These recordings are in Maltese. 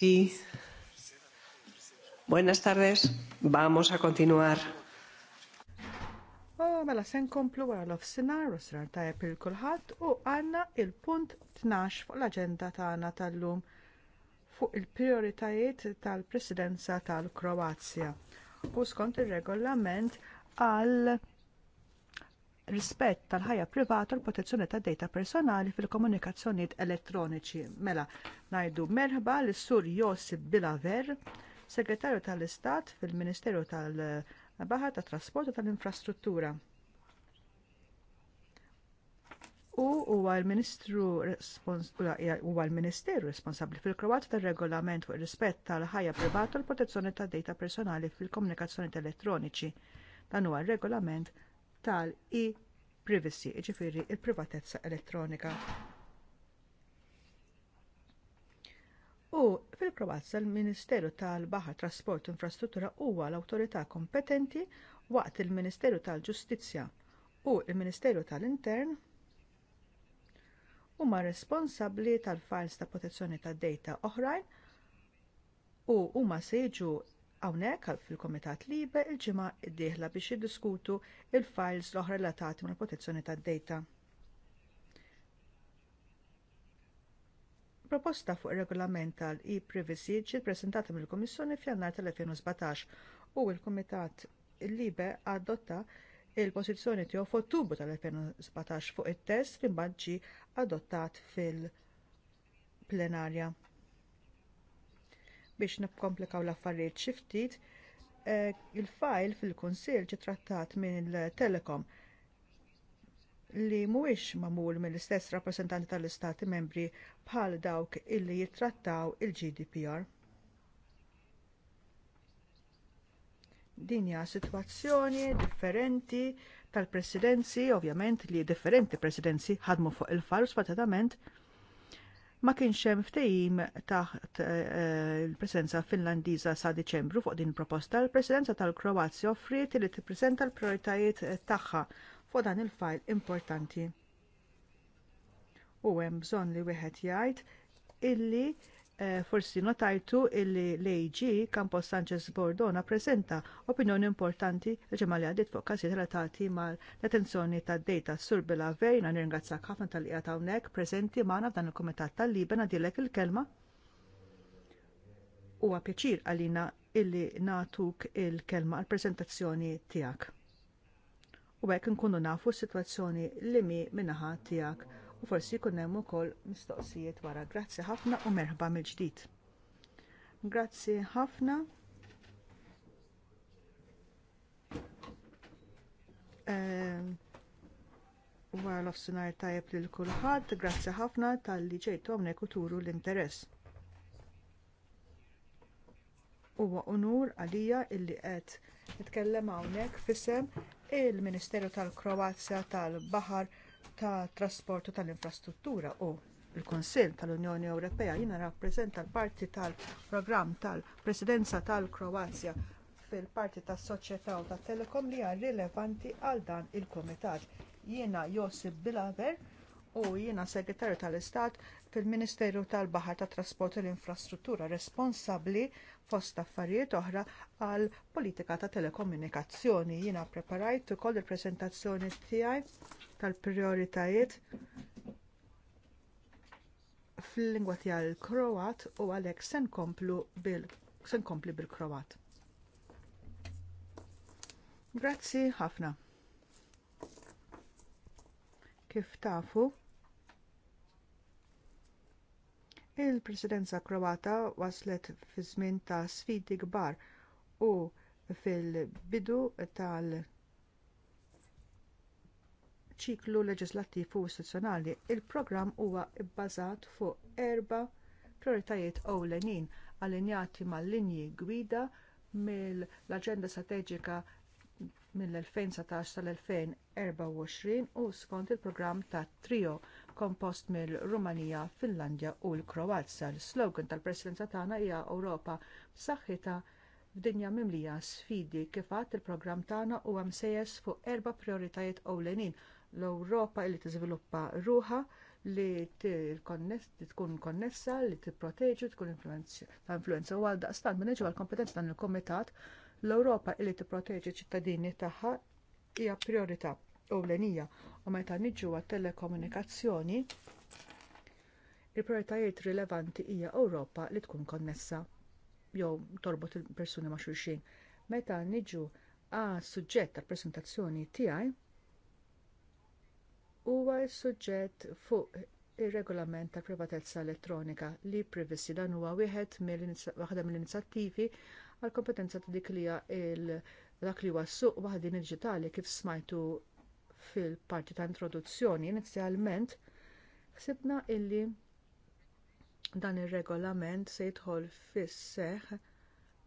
Sí. Buenas tardes. Vamos a continuar. Oh, mela sen komplu wara l-ofsinar, rosrar ta' il-kulħat u għanna il-punt 12 fuq l-agenda tagħna tal-lum fuq il-prioritajiet tal-presidenza tal-Kroazja. U skont ir regolament għal rispett tal-ħajja privata u l-protezzjoni tad dejta personali fil-komunikazzjonijiet elettroniċi. Mela, ngħidu merħba lis sur Josip Bilaver, segretarju tal-Istat fil-Ministeru tal-Baħar tat Trasport u tal-Infrastruttura. U huwa l-Ministru huwa l-Ministeru responsabbli fil-Kroat tar-regolament fuq ir-rispett tal-ħajja privata u l-protezzjoni tad dejta personali fil-komunikazzjonijiet elettroniċi. Dan huwa r regolament tal-e-privacy, jiġifieri l privatezza elettronika. U fil-Kroazja l-Ministeru tal-Baħar Trasport u Infrastruttura huwa l-awtorità kompetenti waqt il-Ministeru tal-Ġustizzja u l ministeru tal-Intern huma responsabbli tal-files ta' protezzjoni tad dejta oħrajn u huma se jiġu hawnhekk fil-Komitat Libe il-ġimgħa d-dieħla biex jiddiskutu l files l-oħra relatati mal protezzjoni tad-data. Proposta fuq ir-regolament tal-e-privacy ġiet ppreżentata mill-Kummissjoni f'Jannar tal-2017 u l-Kumitat Libe adotta il-pożizzjoni tiegħu f'Ottubru tal-2017 fuq it-test li mbagħad ġie adottat fil-plenarja biex nikkomplikaw l-affarijiet xi ftit eh, il file fil kunsil ġie trattat minn Telekom li mhuwiex magħmul mill-istess rappresentanti tal-istati membri bħal dawk illi jittrattaw il-GDPR. Din hija sitwazzjoni differenti tal-presidenzi, ovvjament li differenti presidenzi ħadmu fuq il-fajl spatatament ma kienx hemm ftehim taħt eh, eh, il-presenza Finlandiża sa' Diċembru fuq din proposta. Il-Presidenza tal-Kroazja offriet li tippreżenta l-prioritajiet eh, tagħha fuq dan il-fajl importanti. U hemm bżonn li wieħed jgħid illi Eh, forsi notajtu illi l-AG Campos Sanchez Bordona ppreżenta opinjoni importanti l ġimgħa li għaddit fuq każijiet relatati mal detenzjoni tad data sur bila verjna nirringrazzak ħafna tal-qija hawnhekk preżenti magħna f'dan il-Kumitat tal-Liben għadilek il-kelma. Huwa pjaċir għalina illi nagħtuk il-kelma għall preżentazzjoni tiegħek. U hekk inkunu nafu s-sitwazzjoni li mi min-naħa tiegħek u forsi jkun hemm ukoll mistoqsijiet wara. Grazzi ħafna u merħba mill-ġdid. Grazzi ħafna. Ehm, wara l-offsinar tajjeb lil kulħadd, grazzi ħafna tal-li ġejtu hawnhekk u turu l-interess. Huwa unur għalija illi qed nitkellem hawnhekk fisem il-Ministeru tal-Kroazja tal-Baħar tal kroazja tal tal kroazja tal baħar ta' trasport u tal-infrastruttura u l kunsill tal-Unjoni Ewropea jiena rappreżenta l-parti tal-programm tal-Presidenza tal-Kroazja fil-parti tas soċjetà u tat telekom li hija rilevanti għal dan il kumitat Jiena Josip Bilaver u jiena segretarju tal-Istat fil-Ministeru tal-Baħar tat Trasport u l-Infrastruttura responsabbli fost affarijiet oħra għal politika ta' telekomunikazzjoni. Jiena ppreparajt ukoll il-preżentazzjoni tiegħi tal-prijoritajiet fil-lingwa tiegħi l-Kroat u għalhekk se nkomplu bil se nkompli bil-Kroat. Grazzi ħafna. Kif tafu, Il-presidenza Kroata waslet fi żmien ta' sfidi kbar u fil-bidu tal ċiklu leġislattiv u istituzzjonali, il-programm huwa bbażat fuq erba prioritajiet ewlenin allinjati mal-linji gwida mill-Aġenda Strateġika mill 2017 tal-2024 u skont il-programm ta' Trio kompost mill-Rumanija, Finlandja u l-Kroazja. L-slogan tal-Presidenza tagħna hija Ewropa b'saħħitha f'dinja mimlija sfidi kif għadt il-programm tagħna huwa msejjes fuq erba' prioritajiet ewlenin l-Ewropa li tiżviluppa ruha li tkun konnessa, li tipproteġi, tkun ta' influenza u għal daqstan minneġu għal kompetenza dan il kumitat l-Ewropa li tipproteġi ċittadini tagħha hija priorità ewlenija u meta niġu għat-telekomunikazzjoni il-prioritajiet rilevanti hija Ewropa li tkun konnessa jew torbot il-persuni ma' xulxin. Meta niġu għal suġġett tal preżentazzjoni tiegħi huwa s-suġġett fuq ir-regolament tal privatezza elettronika li privacy dan huwa wieħed waħda mill-inizjattivi għall kompetenza ta' dik li hija dak li huwa s-suq waħdin digitali kif smajtu fil-parti ta' introduzzjoni inizjalment ħsibna illi dan ir-regolament se jidħol fis-seħħ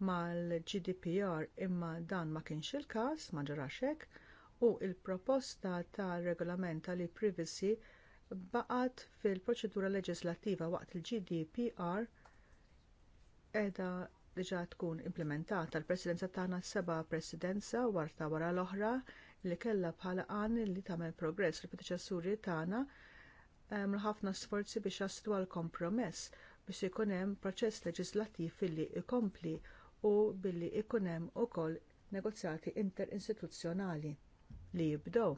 mal-GDPR imma dan ma kienx il-każ ma ġarax hekk u l proposta tar regolament tal privacy baqgħet fil-proċedura leġislattiva waqt il-GDPR qiegħda diġà tkun implementata l-presidenza tagħna seba' presidenza warta wara l-oħra li kellha bħala għan li tagħmel progress li predeċessuri tagħna għamlu ħafna sforzi biex jastu għal kompromess biex ikun hemm proċess leġislattiv illi jkompli u billi ikun hemm ukoll negozjati interinstituzzjonali li jibdew.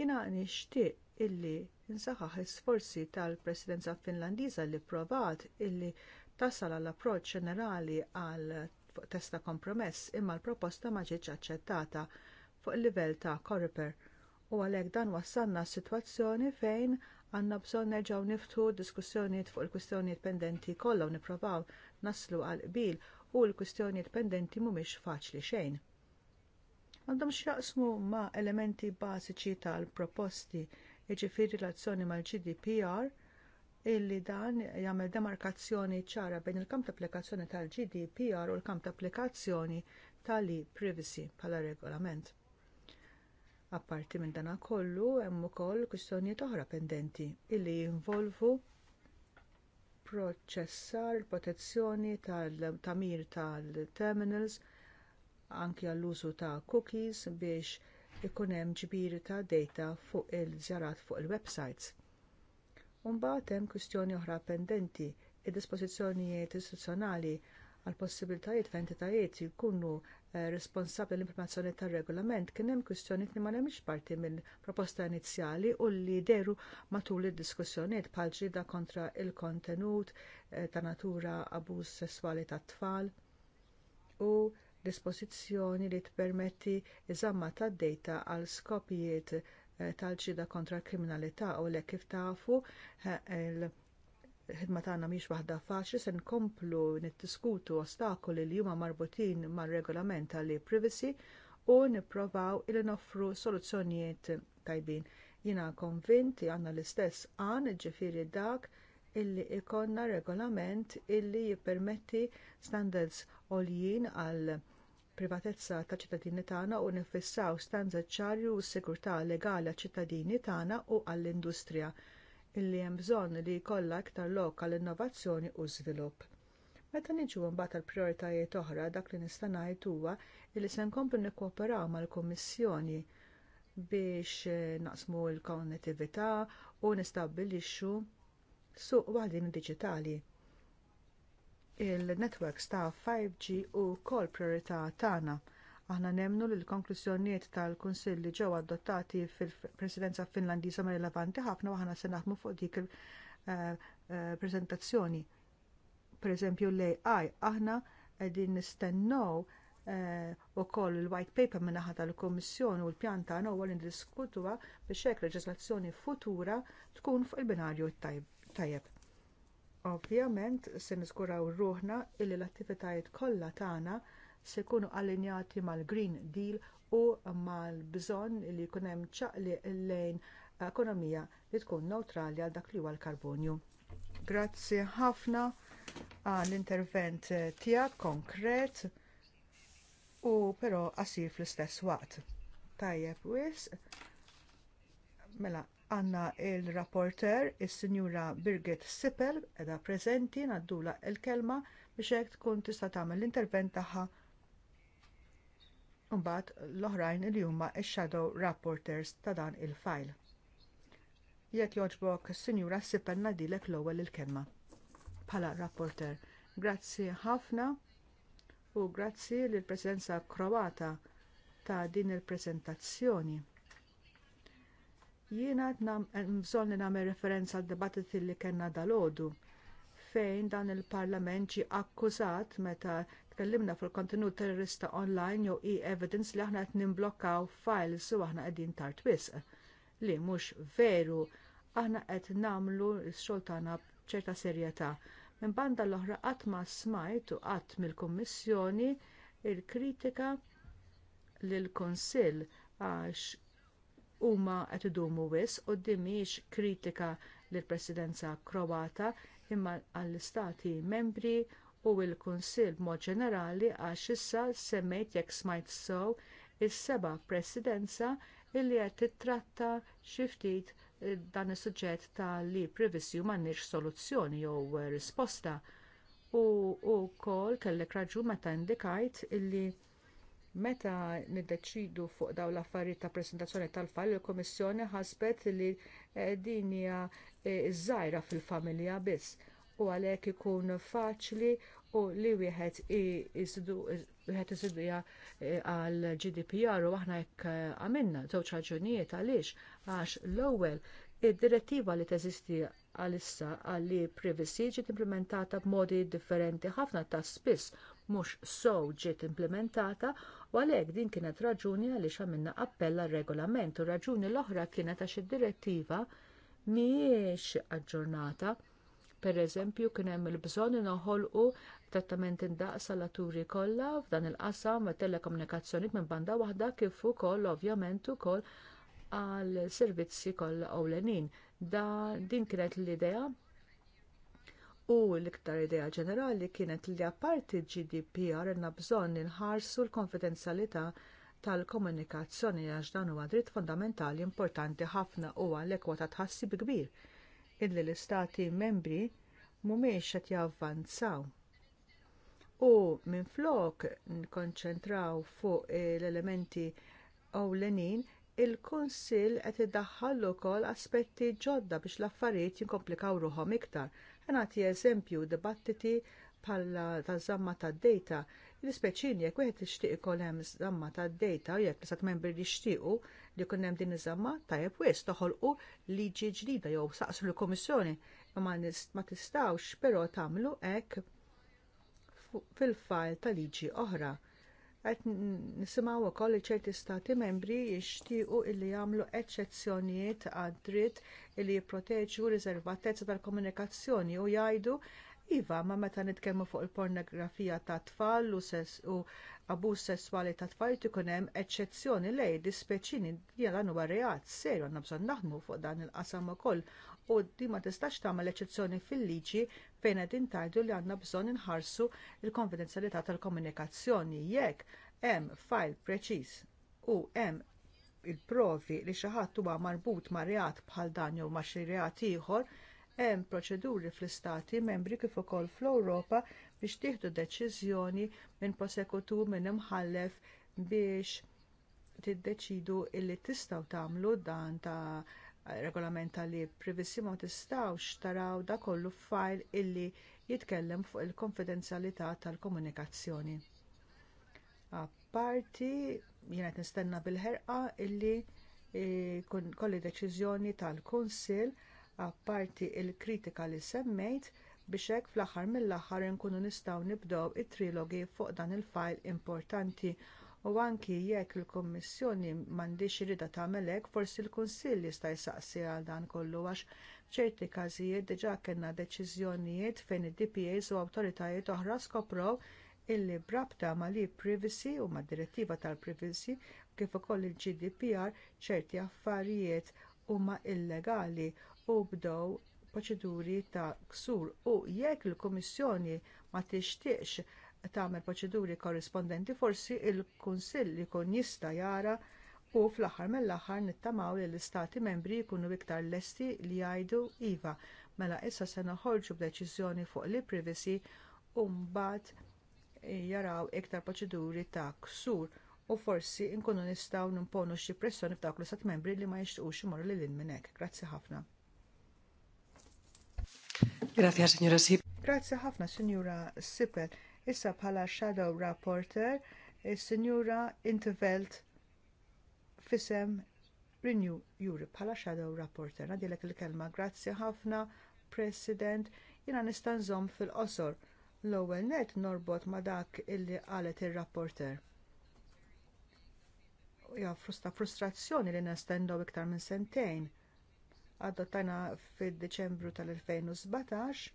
Jiena nixtieq illi nsaħħaħ sforzi tal-Presidenza Finlandiża li provat illi tasal għall approċċ ġenerali għal testa kompromess imma l-proposta ma ġietx aċċettata fuq il-livell ta' Koriper. U għalhekk dan wassalna s-sitwazzjoni fejn għandna bżonn nerġgħu niftu diskussjonijiet fuq il-kwistjonijiet pendenti kollha u nipprovaw naslu għal qbil u l-kwistjonijiet pendenti mhumiex faċli xejn għandhom xjaqsmu ma elementi bażiċi tal-proposti jiġifieri relazzjoni mal-GDPR illi dan jagħmel demarkazzjoni ċara bejn il-kamp ta' applikazzjoni tal-GDPR u l-kamp ta' applikazzjoni tal-privacy bħala regolament. Apparti minn dan kollu hemm ukoll kwistjonijiet oħra pendenti illi jinvolvu proċessar il-protezzjoni tal-tamir tal-terminals anki għall-użu ta' cookies biex ikun hemm ġbir ta' data fuq il-żjarat fuq il-websites. Imbagħad hemm kwistjoni oħra pendenti id-dispożizzjonijiet istituzzjonali għall possibiltajiet f'entitajiet jkunu Eh, responsabbli l-implementazzjoni tar-regolament kien hemm kwistjonijiet li ma nemmix parti mill proposta inizjali u li deru matul id-diskussjonijiet bħal ġida kontra l kontenut eh, ta' natura abuż sesswali tat tfal u dispożizzjoni li tpermetti iżamma tad dejta għal skopijiet eh, tal-ġida kontra l kriminalità u l kif tafu l ħidma tagħna mhix waħda faċli se nkomplu niddiskutu ostakoli li huma marbutin mar-regolament għal privacy u nipprovaw il noffru soluzzjonijiet tajbin. Jiena konvinti għandna l-istess għan ġifiri dak illi ikonna regolament illi jippermetti standards għoljin għal privatezza ta' ċittadini tagħna u nifissaw standards ċarju u s sigurtà legali għal ċittadini tagħna u għall-industrija illi hemm bżonn li jkollha aktar lokal innovazzjoni u żvilupp. Meta niġu mbagħad għal prijoritajiet oħra dak li nista' ngħid huwa li se nkomplu nikkooperaw mal-Kummissjoni biex eh, naqsmu l-konnettività u nistabbilixxu suq waħdin diġitali. il netwerks ta' 5G u kol priorità tagħna Aħna nemnu li l-konklużjonijiet tal-Kunsill li ġew adottati fil-Presidenza Finlandiża ma rilevanti ħafna u aħna se naħdmu fuq dik il-preżentazzjoni. Eh, eh, Pereżempju l-AI, aħna qegħdin nistennew eh, ukoll il-white paper min-naħa tal-Kummissjoni u l-pjan tagħna huwa li ndiskutuha biex hekk leġislazzjoni futura tkun fuq il-binarju tajjeb. Ovvjament se niskuraw ruħna illi l-attivitajiet kollha tagħna se jkunu allinjati mal-Green Deal u mal-bżonn li jkun hemm ċaqli lejn ekonomija li tkun newtrali għal dak li huwa l-karbonju. Grazzi ħafna għall intervent tiegħek konkret u però qasir fl-istess waqt. Tajjeb wisq. Mela, għanna il-rapporter, is sinjura Birgit Sippel, edha preżenti naddula l kelma biex hekk tkun tista' tagħmel l-intervent tagħha Imbagħad l-oħrajn li huma x-shadow rapporters ta' dan il file Jekk jogħġbok, Sinjura Sipenna dilek l-ewwel il-kelma. Bħala rapporter, grazzi ħafna u grazzi lill presidenza Kroata ta' din il-preżentazzjoni. Jiena eh, bżonn li nagħmel referenza għal dibattiti li kellna dalodu fejn dan il-Parlament ġie akkużat meta tkellimna fuq kontenut terrorista online jew e-evidence li aħna qed nimblokkaw files u aħna qegħdin tard wisq li mhux veru aħna qed nagħmlu x-xogħol tagħna b'ċerta serjetà. Minn banda l-oħra qatt ma smajt u qatt mill-Kummissjoni l kritika lill kunsill għax huma qed idumu wisq u din mhijiex kritika lill presidenza Kroata imma għall-istati membri u l-Kunsill b'mod ġenerali għax issa semmejt jekk smajt sew is-seba' presidenza illi qed titratta xi ftit eh, dan is-suġġett ta' li previssju m'għandniex soluzzjoni jew eh, risposta. U wkoll kellek raġun meta indikajt illi meta niddeċidu fuq dawn l-affarijiet ta' presentazzjoni tal-fall il-Kummissjoni ħasbet li eh, din hija żgħira fil-familja biss u għalhekk ikun faċli u li wieħed wieħed isiduja e, għal GDPR u aħna jekk e, għamilna żewġ raġunijiet għaliex għax l-ewwel id-direttiva li teżisti għalissa għalli privacy ġiet implementata b'modi differenti ħafna ta' spiss mhux sow ġiet implementata u għalhekk din kienet raġuni għaliex għamilna appella regolament u raġuni l-oħra kienet għax id-direttiva mhijiex aġġornata. Pereżempju kien hemm il-bżonn noħolqu trattament indaqs għal turi kollha f'dan il-qasam ma' telekomunikazzjoni minn banda waħda kif ukoll ovvjament ukoll għal servizzi kollha ewlenin. Da din kienet l-idea u l-iktar idea ġenerali kienet li apparti GDPR għandna bżonn inħarsu l-konfidenzjalità tal-komunikazzjoni għax dan huwa dritt fondamentali importanti ħafna u għalhekk huwa ta' tħassib kbir illi l-istati membri mhumiex qed javvanzaw u minflok nkonċentraw fuq l-elementi ewlenin, il-Kunsill qed iddaħħal ukoll aspetti ġodda biex l-affarijiet jinkomplikaw ruhom iktar. Nagħti eżempju dibattiti bħala ta' żamma tad-dejta. Il-speċini jekk wieħed ixtieq ikoll hemm żamma tad-dejta u jekk l membri li jixtiequ li jkun hemm din iż-żamma tajjeb wis toħolqu liġi ġdida jew saqsu l-Kummissjoni imma ma tistgħux però tagħmlu hekk fil file ta' liġi oħra. Qed nisimgħu wkoll li ċerti stati membri jixtiequ illi jagħmlu eċċezzjonijiet għad-dritt illi jipproteġu riservatezza tal-komunikazzjoni u jgħidu Iva, ma meta nitkellmu fuq il-pornografija ta' tfal u, ses, u abuż sesswali ta' tfal ikun hemm eċċezzjoni lej dispeċini jgħal huwa reat serju għandna bżonn naħdmu fuq dan il-qasam ukoll u di ma tistax tagħmel eċezzjoni fil-liġi fejn qed intajdu li għandna bżonn inħarsu l-konfidenzjalità tal-komunikazzjoni jekk hemm file preċiż u hemm il-provi li xi ħadd huwa marbut ma' reat bħal dan jew ma' xi reat ieħor, hemm proċeduri fl-istati membri kif ukoll fl-Ewropa biex tieħdu deċiżjoni minn prosekutur minn imħallef biex tiddeċidu illi tistgħu tagħmlu dan ta' regolamenta li privissima ma tistawx taraw da kollu f'file illi jitkellem fuq il-konfidenzjalità tal-komunikazzjoni. Apparti jiena qed nistenna bil-ħerqa illi e, kolli deċiżjoni tal-Kunsill apparti l kritika li semmejt biex hekk fl-aħħar mill-aħħar inkunu nistgħu nibdew it-trilogi fuq dan il-file importanti U anki jekk il kummissjoni m'għandix irida tagħmel hekk, forsi l-Kunsill jista' jsaqsi għal dan kollu għax f'ċerti każijiet diġà kellna deċiżjonijiet fejn id-DPAs u awtoritajiet oħra skoprow illi brabta ma li privacy u mad direttiva tal-privacy kif ukoll il-GDPR ċerti affarijiet huma illegali u bdew proċeduri ta' ksur u jekk il-Kummissjoni ma tixtieqx tagħmel proċeduri korrispondenti forsi l kunsill jkun jista' jara u fl-aħħar mill-aħħar nittamaw li l-istati membri jkunu iktar lesti li jgħidu iva mela issa se noħorġu b'deċiżjoni fuq li privacy u mbagħad eh, jaraw iktar proċeduri ta' ksur u forsi nkunu nistgħu nimponu xi pressjoni f'dawk l-istat membri li ma jixtiequx imorru lil minn hekk. Grazzi ħafna. Grazie, signora Sipel. Grazie ħafna, signora Sipel. Issa bħala Shadow Rapporter, is-Sinjura Intervelt fisem Renew Europe bħala Shadow Rapporter. Nadilek il-kelma, grazzi ħafna, President, jina nżomm fil-qosor. L-ewwel net norbot ma dak illi qalet ir-rapporter. ja, frusta frustrazzjoni li nestendow iktar minn sentejn adottajna fid-Deċembru tal-2017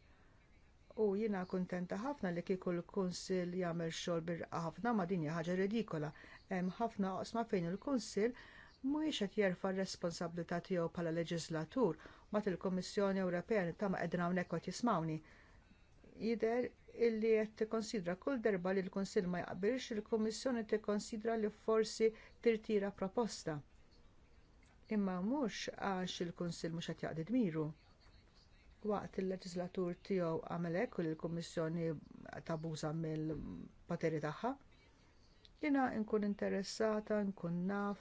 u jiena kuntenta ħafna li kieku l-Kunsill jagħmel xogħol birqa ħafna ma din hija ħaġa ridikola. Hemm ħafna oqsma fejn il-Kunsill mhuwiex qed jerfa' r-responsabilità tiegħu bħala leġislatur mat il-Kummissjoni Ewropea nittama qegħdin hawnhekk qed jismawni. Jidher illi qed tikkonsidra kull darba li l-Kunsill ma jaqbilx il-Kummissjoni tikkonsidra li forsi tirtira proposta. Imma mhux għax il-Kunsill mhux qed jaqdi dmiru waqt il-leġislatur tiegħu għamel hekk u l-Kummissjoni tabuża mill-poteri tagħha. Jiena nkun interessata, nkun naf,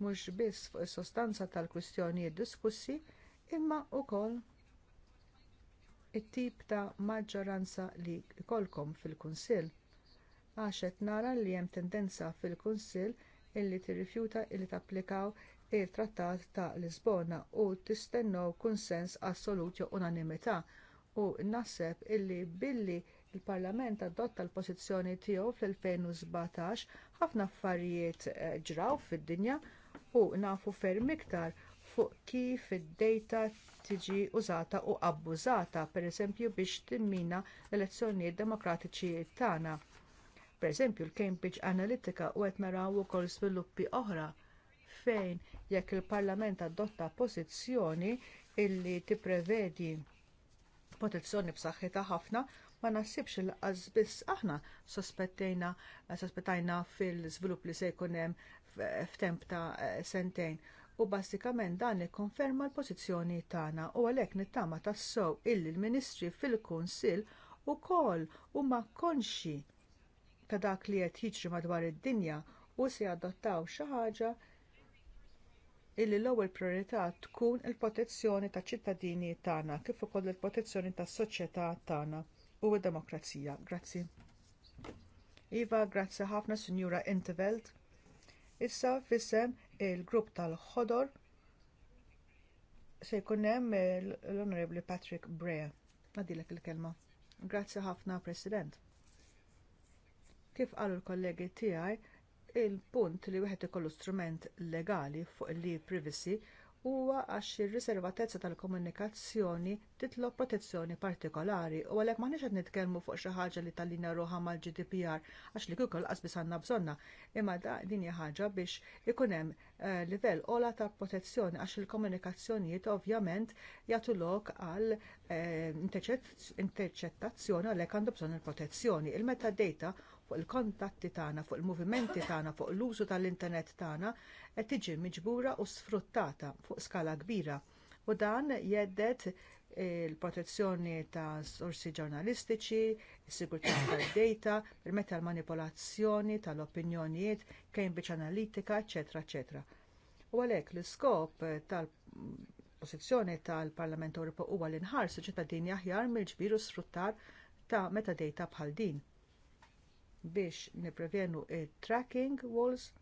mhux biss fuq is-sostanza tal-kwistjonijiet diskussi, imma wkoll it-tip ta' maġġoranza li jkollkom fil-Kunsill. Għax qed nara li hemm tendenza fil-Kunsill illi tirrifjuta li tapplikaw il-Trattat ta' Lisbona u tistennew kunsens assolut jew unanimità u naħseb illi billi l il parlament adotta l-pożizzjoni tiegħu fl-2017 ħafna affarijiet eh, ġraw fid-dinja u nafu ferm iktar fuq kif id-dejta tiġi użata u abbużata, pereżempju biex timmina l-elezzjonijiet demokratiċi tagħna. Pereżempju l-Cambridge Analytica u qed naraw ukoll sviluppi oħra Fejn jekk il-Parlament adotta pożizzjoni illi tipprevedi protezzjoni b'saħħitha ħafna ma naħsibx il biss aħna sospettejna sospettajna fil-żvilupp li se jkun hemm f'temp ta' sentejn. U bażikament dan ikkonferma l-pożizzjoni tagħna u għalhekk nittama tassew illi l-Ministri fil-Kunsill ukoll huma konxi ta' dak li qed jiġri madwar id-dinja u se jadottaw xi ħaġa illi l-ewwel priorità tkun il-protezzjoni taċ ċittadini tagħna kif ukoll il-protezzjoni tas-soċjetà tagħna u d-demokrazija. Grazzi. Iva, grazzi ħafna Sinjura Intervelt. Issa fissem il-grupp tal-ħodor se jkun hemm l-Onorevoli Patrick Brea. Nadilek il-kelma. Grazzi ħafna, President. Kif qalu l-kollegi tiegħi, il-punt li wieħed ikollu strument legali fuq li privacy huwa għax ir-riservatezza tal-komunikazzjoni titlob protezzjoni partikolari u għalhekk m'aħniex qed nitkellmu fuq xi ħaġa li tallina ruħha mal-GDPR għax li kieku laqas għandna bżonna imma din hija ħaġa biex ikun hemm eh, livell ola ta' protezzjoni għax il-komunikazzjonijiet ovvjament jagħtu lok għal uh, eh, interċettazzjoni għalhekk għandu bżonn il-protezzjoni. Il-metadata fuq il-kontatti tagħna, fuq il-movimenti tagħna, fuq l-użu tal-internet tagħna qed tiġi miġbura u sfruttata fuq skala kbira. U dan jeddet il-protezzjoni ta' sorsi ġurnalistiċi, is-sigurtà tad-dejta, permetta l-manipolazzjoni tal-opinjonijiet, Cambridge Analytica, eċetera, eċetera. U għalhekk l-iskop tal-pożizzjoni tal-Parlament Ewropew huwa l-inħarsu ċittadini aħjar mill-ġbir u sfruttar ta' metadata bħal din biex nipprevenu il-tracking walls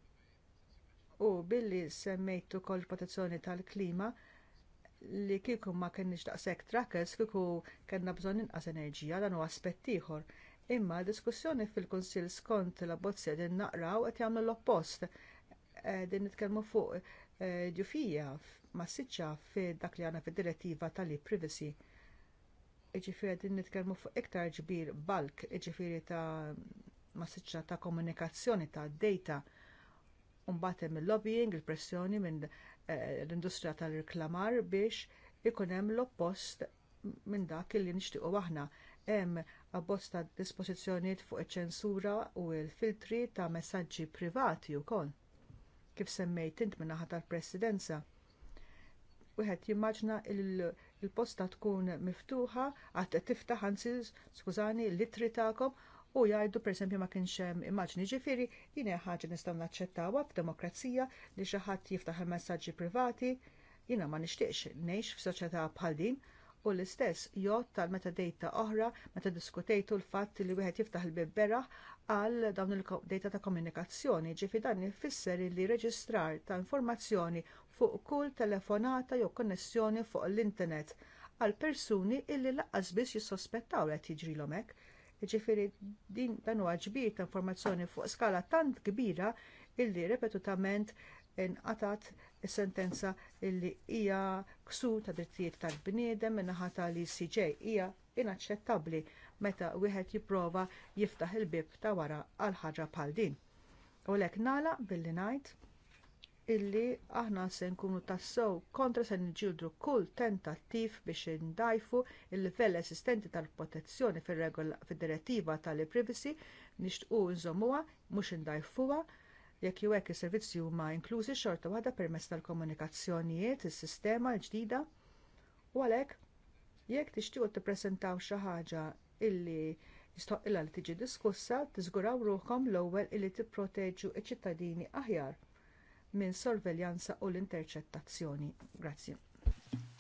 u billi semmejtu kol protezzjoni tal-klima li kieku ma kenitx daqshekk trackers kieku kellna bżonn inqas enerġija dan huwa aspett ieħor. Imma d diskussjoni fil-Kunsill skont la bozza din naqraw qed jagħmlu l-oppost. Din nitkellmu fuq ġufija eh, massiċċa fi dak li għandna fid-direttiva tal-privacy iġifiri din nitkellmu fuq iktar ġbir bulk, iġifieri ta' massiċċa ta' komunikazzjoni ta' data mbagħad hemm il-lobbying, il-pressjoni minn eh, l-industrija tal-reklamar biex ikun hemm l-oppost minn dak li nixtiequ aħna. Hemm abbozz ta' dispożizzjonijiet fuq iċ-ċensura u l-filtri ta' messaġġi privati wkoll. Kif semmejt int minn naħa tal-Presidenza. Wieħed jimmaġna il-posta tkun miftuħa għad tiftaħ anzi skużani l-litri tagħkom u jgħidu pereżempju ma kienx hemm immaġni ġifieri jiena ħaġa nistgħu naċċettawha f'demokrazija li xi ħadd jiftaħ il-messaġġi privati jiena ma nixtieqx ngħix f'soċjetà bħal din u l-istess jgħod tal-metadata oħra meta diskutejtu l-fatt li wieħed jiftaħ il-bibberaħ għal dawn il-data ta' komunikazzjoni ġifi dan jfisser li reġistrar ta' informazzjoni fuq kull telefonata jew konnessjoni fuq l-internet għal persuni illi lanqas biss jissospettaw qed jiġrilhom hekk. Ġifiri, din dan huwa ġbir ta' informazzjoni fuq skala tant kbira illi repetutament inqatat sentenza illi hija ksu ta' drittijiet tal-bniedem min-naħa tal CJ hija inaċċettabbli meta wieħed jipprova jiftaħ il-bib ta' wara għal ħaġa bħal din. U lek nala billi ngħid illi aħna se nkunu tassew kontra se niġġieldu kull tentattiv biex indajfu l livell esistenti tal-protezzjoni fid-direttiva tal-privacy nixtqu nżommuha mhux indajfuha jekk jew hekk is-servizzi huma inklużi xorta waħda permezz tal-komunikazzjonijiet, is-sistema l-ġdida u għalhekk jekk tixtiequ tippreżentaw xi ħaġa illi jistoqilha li tiġi diskussa, tiżguraw ruħkom l-ewwel illi tipproteġu ċ-ċittadini aħjar minn sorveljanza u l-interċettazzjoni. Grazzi.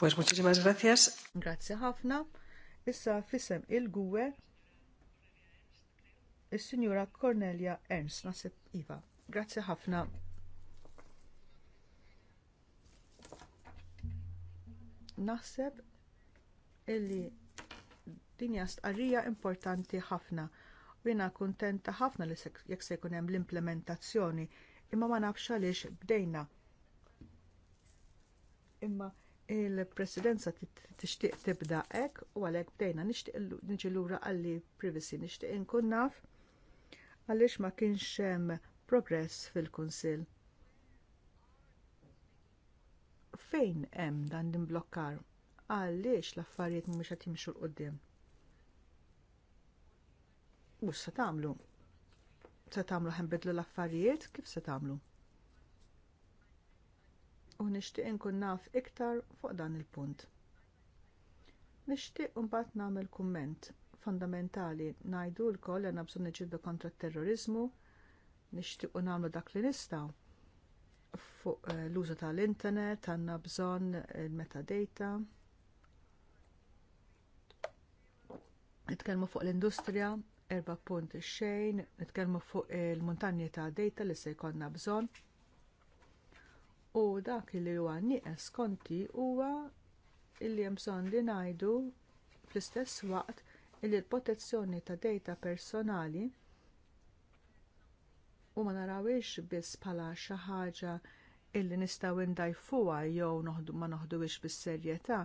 Pues muchísimas gracias. Grazzi ħafna. Issa fisem il-gwe il signora Cornelia Ernst nasib Iva. Grazzi ħafna. Naseb illi dinjast hija stqarrija importanti ħafna. U kontenta kuntenta ħafna li jekk se jkun hemm l-implementazzjoni imma ma nafx għaliex bdejna. Imma il-presidenza tixtieq tibda hekk u għalhekk bdejna nixtieq niġi lura għalli privacy nixtieq inkun naf għaliex ma kienx hemm progress fil-Kunsill. Fejn hemm dan din imblokkar Għaliex l-affarijiet mhumiex qed jimxu l-qudiem? Mussa tagħmlu se tagħmlu ħembidlu l-affarijiet, kif se tagħmlu? U nixtieq inkun naf iktar fuq dan il-punt. Nixtieq mbagħad nagħmel kumment fondamentali ngħidu lkoll għandna bżonn niġġieldu kontra t-terrorizmu, nixtiequ nagħmlu dak li nistgħu fuq eh, l-użu tal-internet, għandna bżonn eh, il-metadata. Nitkellmu fuq l-industrija, erba' punt xejn, nitkellmu fuq il-muntanji ta' dejta li se jkollna bżonn. U dak li huwa nieqes konti huwa illi hemm bżonn li ngħidu fl-istess waqt illi l-protezzjoni ta' dejta personali u ma narawiex biss bħala xi ħaġa illi nistgħu ndajfuha jew ma noħduwiex bis-serjetà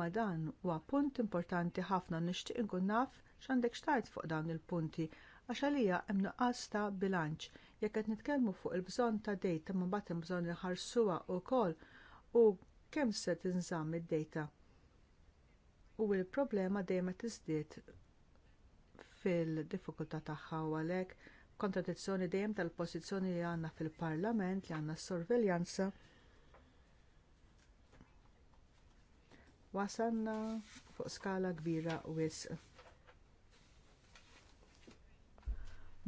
ma dan huwa punt importanti ħafna nixtieq inkun naf x'għandek xtajt fuq dawn il-punti għax għalija hemm nuqqas ta' bilanċ jekk qed nitkellmu fuq il-bżonn ta' dejta ma mbagħad hemm bżonn iħarsuha wkoll u kemm se tinżamm id-dejta. U l-problema dejjem tiżdied fil-diffikultà tagħha u għalhekk kontradizzjoni dejjem tal-pożizzjoni li għandna fil-Parlament li għandna s-sorveljanza wasanna fuq skala kbira wisq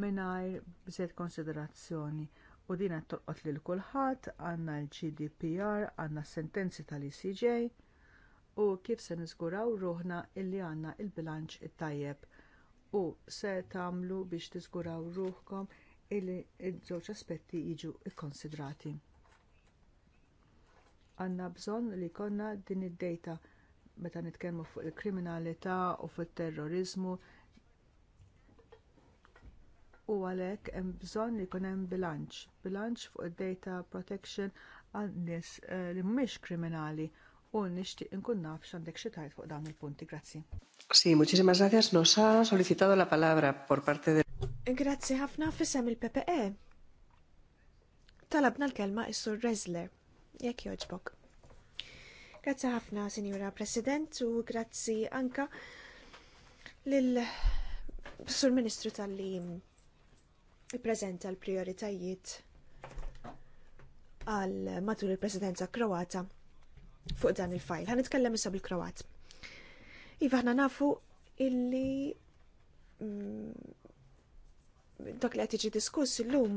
mingħajr bżed konsiderazzjoni u din qed tolqot lil kulħadd għandna l-GDPR, għandna s sentenzi tal-ICJ u kif se niżguraw ruħna illi għandna l il bilanċ it-tajjeb u se tagħmlu biex tiżguraw ruħkom illi ż-żewġ aspetti jiġu kkonsidrati. Għandna bżonn li jkollna din id-dejta meta nitkellmu fuq il-kriminalità u fit-terrorizmu, il kriminalità u fit terrorizmu u għalhekk hemm bżonn li jkun hemm bilanċ, bilanċ fuq id-data protection għal nies eh, li mhumiex kriminali u nixtieq inkun naf x'għandek xi tajt fuq dawn il-punti. Grazzi. Sì, muchísimas gracias. Nos ha solicitado la palabra por parte de... Grazzi ħafna fisem il-PPE. Talabna l-kelma is-Sur Resler. Jekk jogħġbok. Grazzi ħafna, Sinjura President, u grazzi anka lil Sur Ministru tal-li ippreżenta l-prioritajiet għal matul il-presidenza Kroata fuq dan il-fajl. Għan nitkellem issa bil-Kroat. Iva ħna nafu illi mm, dak li qed ġi diskuss illum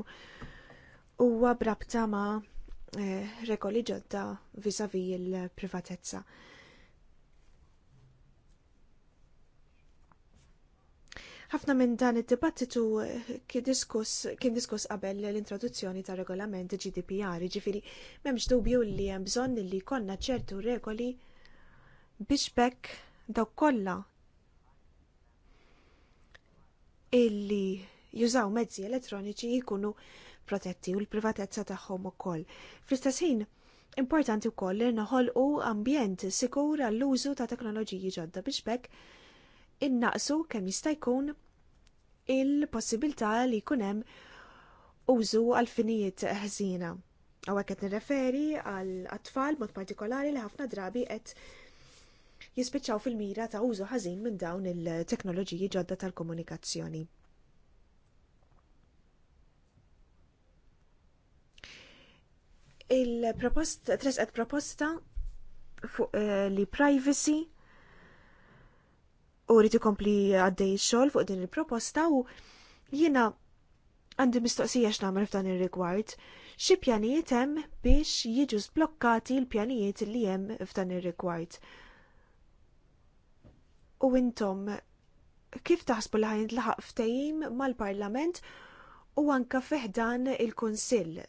huwa għabrabta ma' eh, regoli ġodda vis-a-vis il-privatezza. -vis Ħafna minn dan id-dibattitu eh, kien diskuss qabel l-introduzzjoni ta' regolament GDPR, ġifiri memx dubju li hemm bżonn li konna ċertu regoli biex bekk dawk kollha illi jużaw mezzi elettroniċi jkunu protetti u l-privatezza tagħhom ukoll. Fl-istess ħin, importanti wkoll li noħolqu ambjent sikur għall-użu ta' teknoloġiji ġodda biex bekk innaqsu kemm jista' jkun il-possibilità li jkun hemm użu għal finijiet ħżina. Għaw qed nirreferi għal tfal mod partikolari li ħafna drabi qed jispiċċaw fil-mira ta' użu ħażin minn dawn il-teknoloġiji ġodda tal-komunikazzjoni. Il-proposta, tresqet proposta fuq eh, li privacy u rrit ikompli għaddej xol fuq din il-proposta u jina għandi mistoqsija x'namel f'dan ir-rigward. Xi pjanijiet hemm biex jiġu sblokkati l-pjanijiet li hemm f'dan ir-rigward. U intom kif taħsbu li tlaħaq ftehim mal-Parlament u anka fiħdan il-Kunsill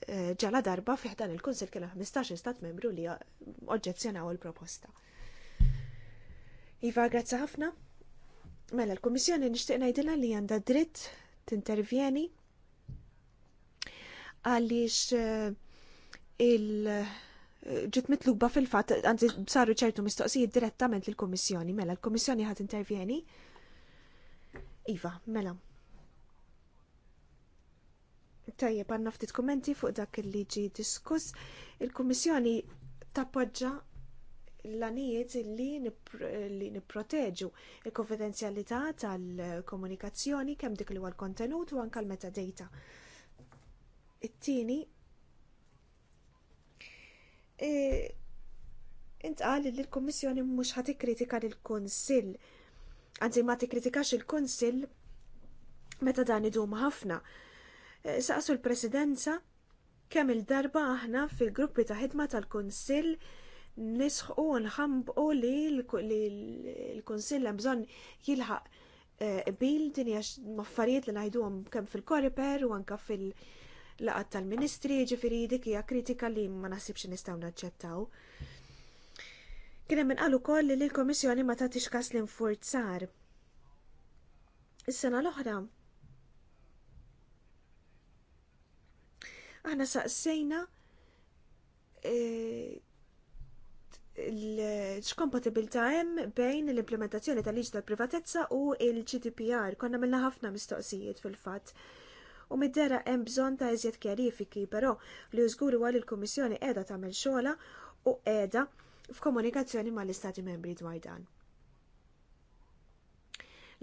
ġala darba fiħdan il-Kunsill kien 15 stat membru li oġġezzjonaw il-proposta. Iva, grazzi ħafna. Mela, l-Komissjoni nixtieq ngħidilha li għandha dritt tintervjeni għaliex eh, il eh, ġit mitluba fil-fatt, għanzi saru ċertu mistoqsijiet direttament lill-Kummissjoni. Mela, l-Kummissjoni ħadd intervjeni. Iva, mela. Tajjeb, għandna ftit kummenti fuq dak li ġi diskuss. Il-Kummissjoni tappoġġa l-anijiet li nipproteġu il-konfidenzjalità tal-komunikazzjoni kemm dik li huwa l-kontenut u anke l-metadata. It-tieni e, intqal li l-Kummissjoni mhux ħadd tikkritika lill-Kunsill. Anzi ma tikkritikax il-Kunsill meta dan idum ħafna. E, saqsu l-Presidenza kemm il-darba aħna fil-gruppi ta' ħidma tal-Kunsill nisħu nħambqu li l-Kunsill bżon bżonn jilħaq eh, bil din hija maffarijiet li ngħiduhom kemm fil-koriper u anke fil-laqat tal-Ministri, ġifiri dik hija kritika li ma naħsibx nistgħu naċċettaw. Kien hemm inqal ukoll li l-Komissjoni ma tagħtix kas l-infurzar. Is-sena l-oħra aħna saqsejna eh, l x'kompatibilità hemm bejn l-implementazzjoni tal-liġi tal-privatezza u il-GDPR. Konna minna ħafna mistoqsijiet fil-fatt. U mid-dera hemm bżonn ta' iżjed kjarifiki, però li żgur għal il kummissjoni qiegħda tagħmel xogħla u qiegħda f'komunikazzjoni mal-Istati Membri dwar dan.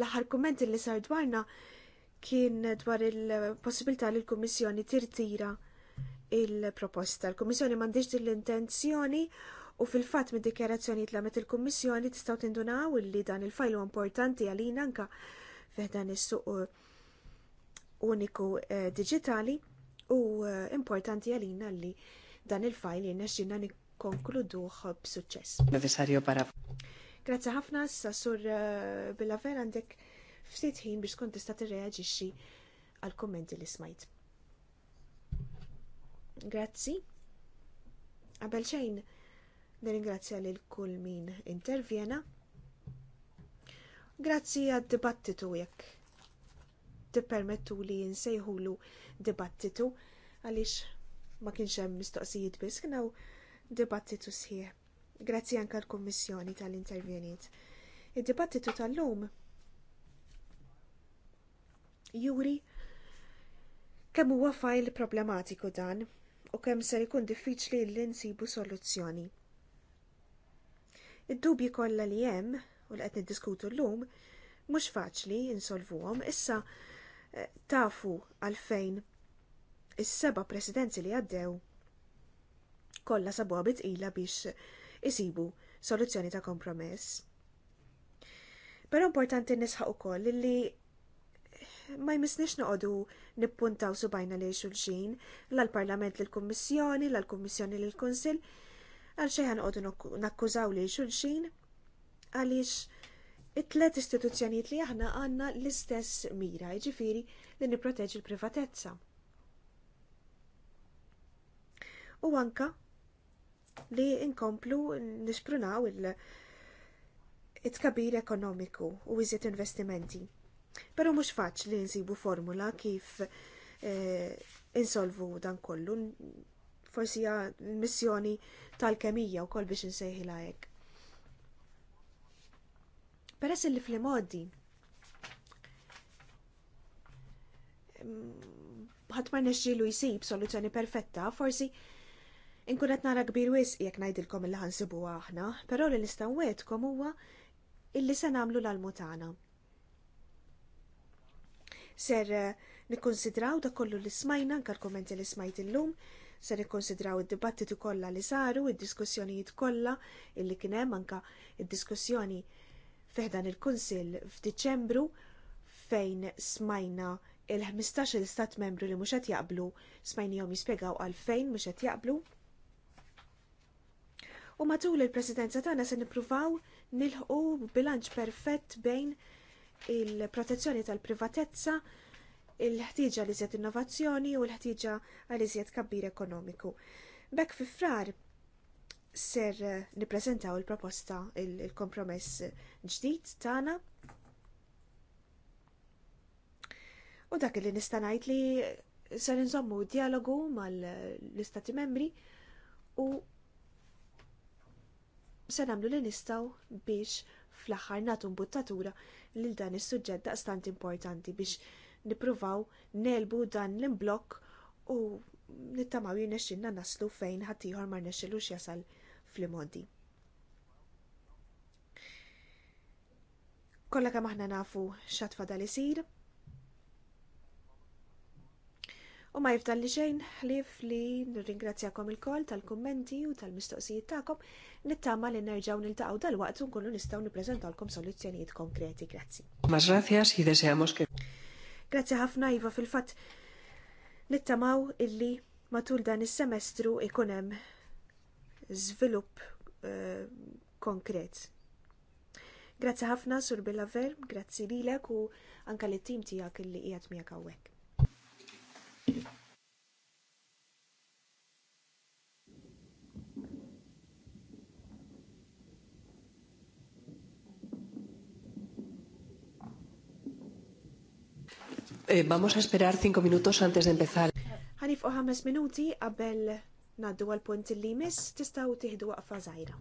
L-aħħar kumment li sar dwarna kien dwar il-possibilità li l-Kummissjoni tirtira il-proposta. L-Kummissjoni m'għandix l-intenzjoni U fil-fatt mid dikjarazzjoni tlamet il-Kummissjoni tistgħu tindunaw li dan il-fajlu importanti għalina anka dan is-suq uh, uniku uh, digitali u uh, importanti għalina li dan il-fajl jirnexxinna nikkonkluduh b'suċċess. Avversarju para. Grazzi ħafna sa sur Vera għandek ftit ħin biex kont tista' tirreaġixxi għall kummenti li smajt. Grazzi. Qabel xejn Nirringrazzja lil kull min intervjena. Grazzi għad dibattitu jekk tippermettu li jinsejħulu dibattitu għaliex ma kienx hemm mistoqsijiet biss kien dibattitu sħiħ. Grazzi anke l-Kummissjoni tal-intervjeniet. Id-dibattitu tal-lum juri kemm huwa fajl problematiku dan u kemm ser ikun diffiċli li nsibu soluzzjoni. Id-dubji kollha li hemm u li qed niddiskutu llum mhux faċli insolvuhom issa eh, tafu għalfejn is-seba' presidenzi li għaddew kollha sabuha bitqila biex isibu soluzzjoni ta' kompromess. Però importanti nisħaq ukoll li ma jmisniex noqogħdu nippuntaw subajna lejn xulxin l-Parlament lill kummissjoni l-Kummissjoni lill kunsill għal xejn għodu nakkużaw li xulxin għaliex it-tlet istituzzjonijiet li aħna għandna l-istess mira, jiġifieri li niproteġi l-privatezza. U anka li nkomplu nisprunaw il-kabir ekonomiku u iżiet investimenti. Pero mhux faċli nsibu formula kif eh, insolvu dan kollu, forsi hija missjoni tal-kemija wkoll biex insejħilha hekk. Peress li fl-modi mm, ħadd ma jisib jsib soluzzjoni perfetta, forsi inkunet qed nara kbir wisq jekk ngħidilkom illi ħansibuha għahna, però li l wetkom huwa illi se nagħmlu l-almutana. Ser eh, nikkonsidraw da kollu l-ismajna, anke l-kommenti li smajt illum, lum se nikkonsidraw id-dibattitu kollha li saru, id-diskussjonijiet kollha illi kien hemm anke id-diskussjoni fiħdan il-Kunsill f'Diċembru fejn smajna il-15 il-stat membru li mhux qed jaqblu smajnihom jispjegaw għalfejn mhux qed jaqblu. U matul il-presidenza tagħna se nippruvaw nilħqu bilanċ perfett bejn il-protezzjoni tal-privatezza il-ħtiġa li zjed innovazzjoni u l-ħtiġa għal iżjed kabbir ekonomiku. Bekk fi frar ser eh, niprezentaw il-proposta il-kompromess ġdid tagħna. U dak li nista' ngħid li ser nżommu dialogu mal-istati membri u se nagħmlu li nistgħu biex fl-aħħar nagħtu mbuttatura lil dan is-suġġett daqstant importanti biex nippruvaw nelbu dan l-imblokk u nittamaw jinexxinna naslu fejn ħaddieħor ma rnexxilux jasal fl-imodi. Kollha kam aħna nafu x'atfa dal isir. U ma jiftal li xejn ħlif li nirringrazzjakom il-koll tal-kummenti u tal-mistoqsijiet ta'kom, nittama li nerġgħu niltaqgħu dal-waqt u nkunu nistgħu nippreżentawlkom soluzzjonijiet konkreti. Grazzi. Mas gracias y deseamos que Grazzi ħafna Iva fil-fatt nittamaw illi matul dan is-semestru ikunem hemm uh, konkret. Grazzi ħafna Sur Bilaver, grazzi lilek u anka li tim tijak illi qiegħed miegħek hawnhekk. Eh, vamos a esperar cinco minutos antes de empezar. Ħanif ħames minuti għabel naddu għal-punt il-limis, tistaw tiħdu waqfa zaħira.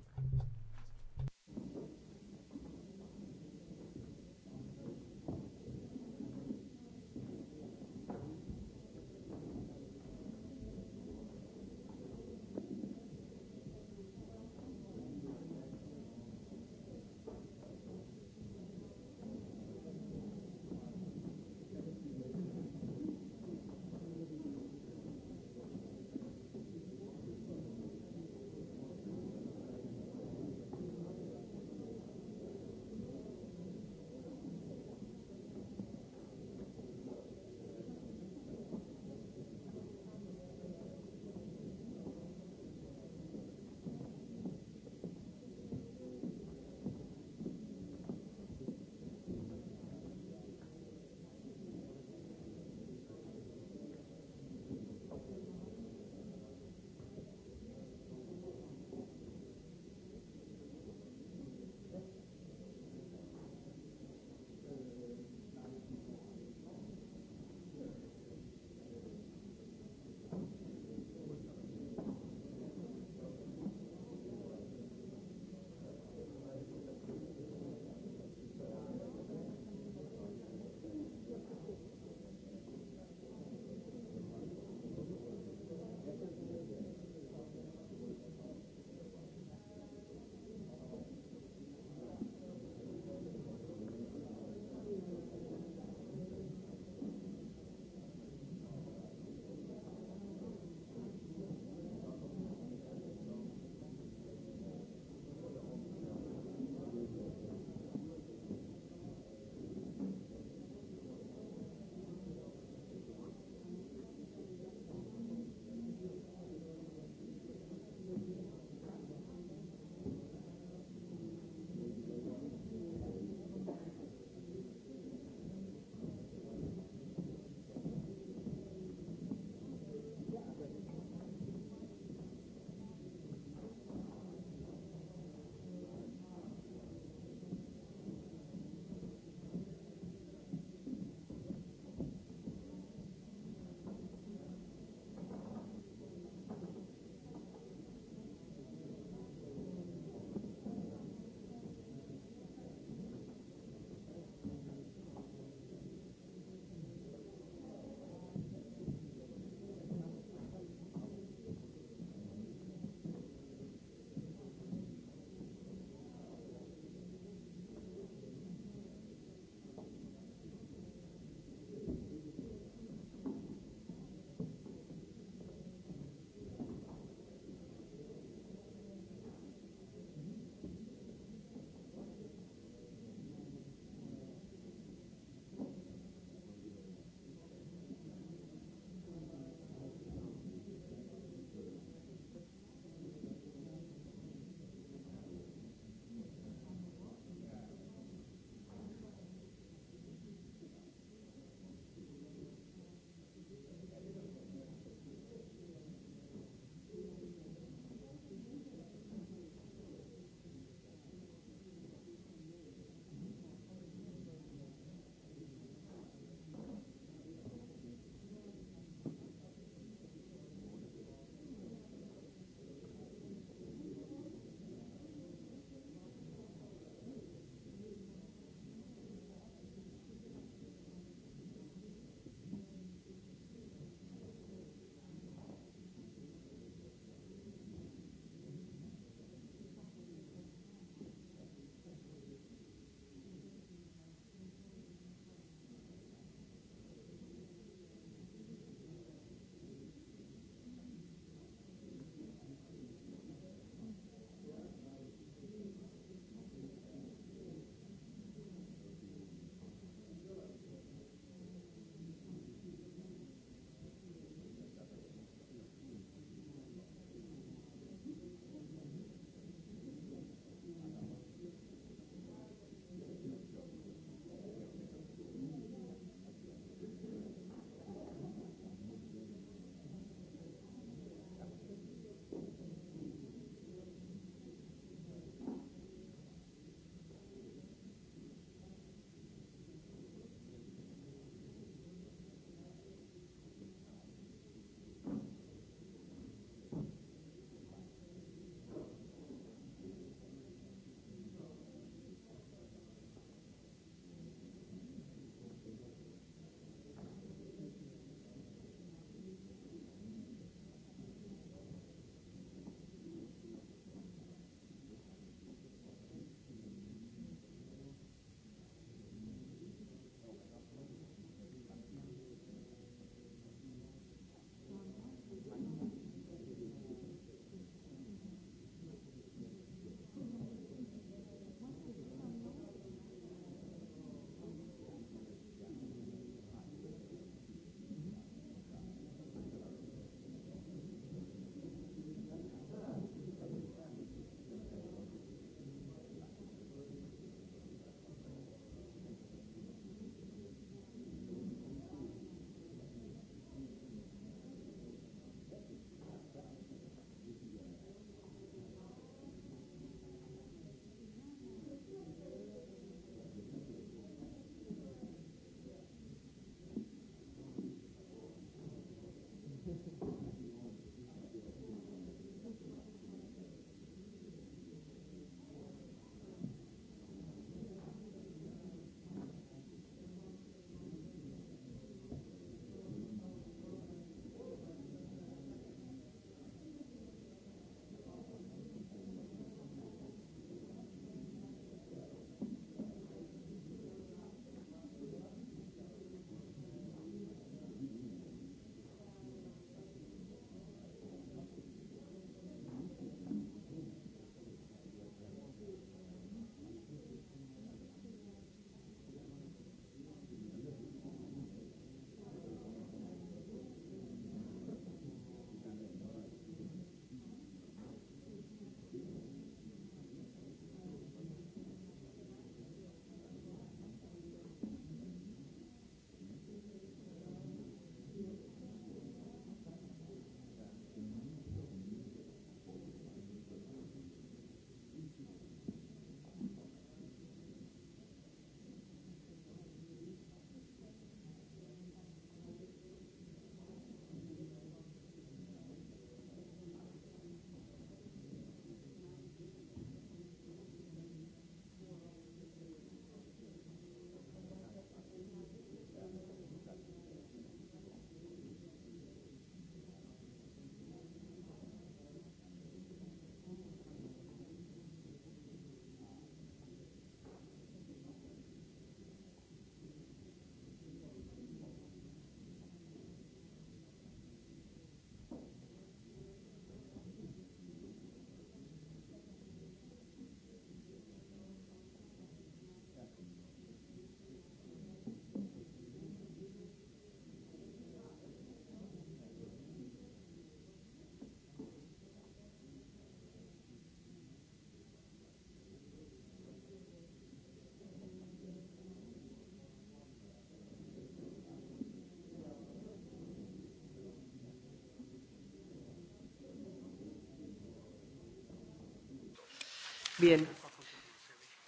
Bien,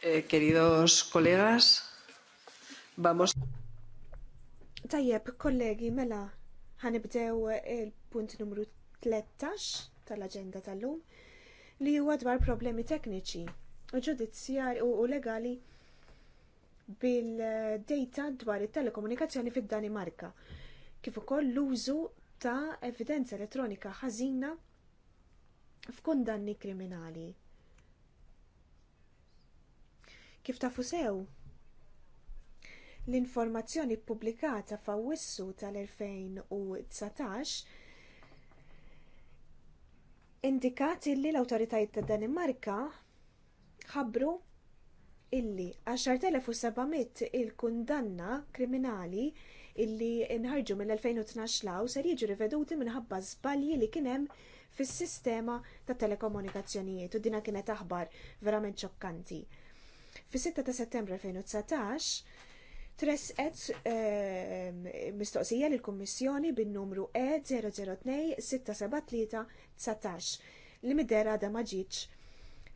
eh, queridos colegas, vamos. Tajjeb, kollegi, mela, ħanibdew il-punt numru 13 tal-agenda tal-lum li huwa dwar problemi tekniċi u ġudizzjar u legali bil-data dwar it-telekomunikazzjoni fid-Danimarka kif ukoll l-użu ta' evidenza elettronika ħażina f'kundanni kriminali. Kif tafu sew? L-informazzjoni pubblikata f'Awwissu tal-2019 indikati li l-awtoritajiet ta' Danimarka ħabbru illi 10,700 il-kundanna kriminali illi nħarġu mill-2012 law ser jiġu riveduti minħabba żbalji li kien hemm fis-sistema tat telekomunikazzjonijiet u dina kienet aħbar verament ċokkanti. Fis-6 ta' settembru 2019 Tresqet ehm, mistoqsija lill kummissjoni bin-numru 002 e 19 li middera da ma ġietx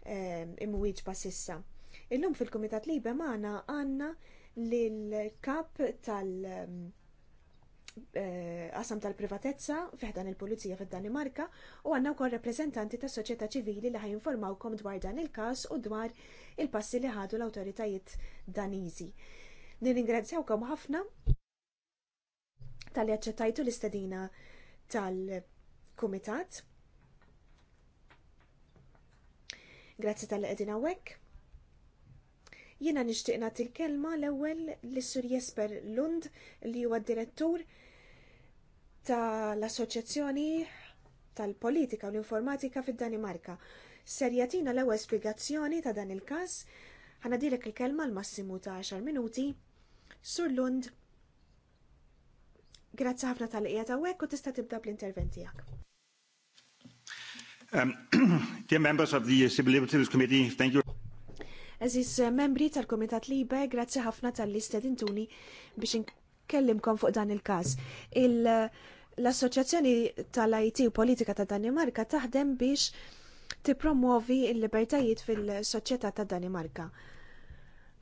e, ehm, sissa. Illum fil komitat Libe maħna għandna lil kap tal- ehm, qasam tal-privatezza fiħdan il-Pulizija fid-Danimarka u għandna wkoll rappreżentanti tas soċjetà ċivili li ħajinformawkom dwar dan il-każ u dwar il-passi li ħadu l-awtoritajiet Daniżi. Nirringrazzjawkom ħafna tal-li aċċettajtu l-istedina tal-Kumitat. Grazzi tal-li qegħdin hawnhekk. Jiena nixtieq nagħti l-kelma l-ewwel lis-Sur Jesper Lund li huwa d-direttur tal-Assoċjazzjoni tal-Politika u l-Informatika fid-Danimarka. Serjatina l-ewwel spjegazzjoni ta' dan il-każ ħanadilek il-kelma l-massimu ta' 10 minuti. Sur Lund, grazzi ħafna tal qiegħda ta' u tista' tibda bl-intervent tiegħek. Um, dear members of the Civil Liberties Committee, thank you. Eżis eh, membri tal-Komitat Libe, grazzi ħafna tal listed intuni biex nkellimkom fuq dan il-każ. Il-, -każ. il l-Assoċjazzjoni tal-IT u Politika ta' Danimarka taħdem biex tipromuovi l-libertajiet fil-soċjetà ta' Danimarka.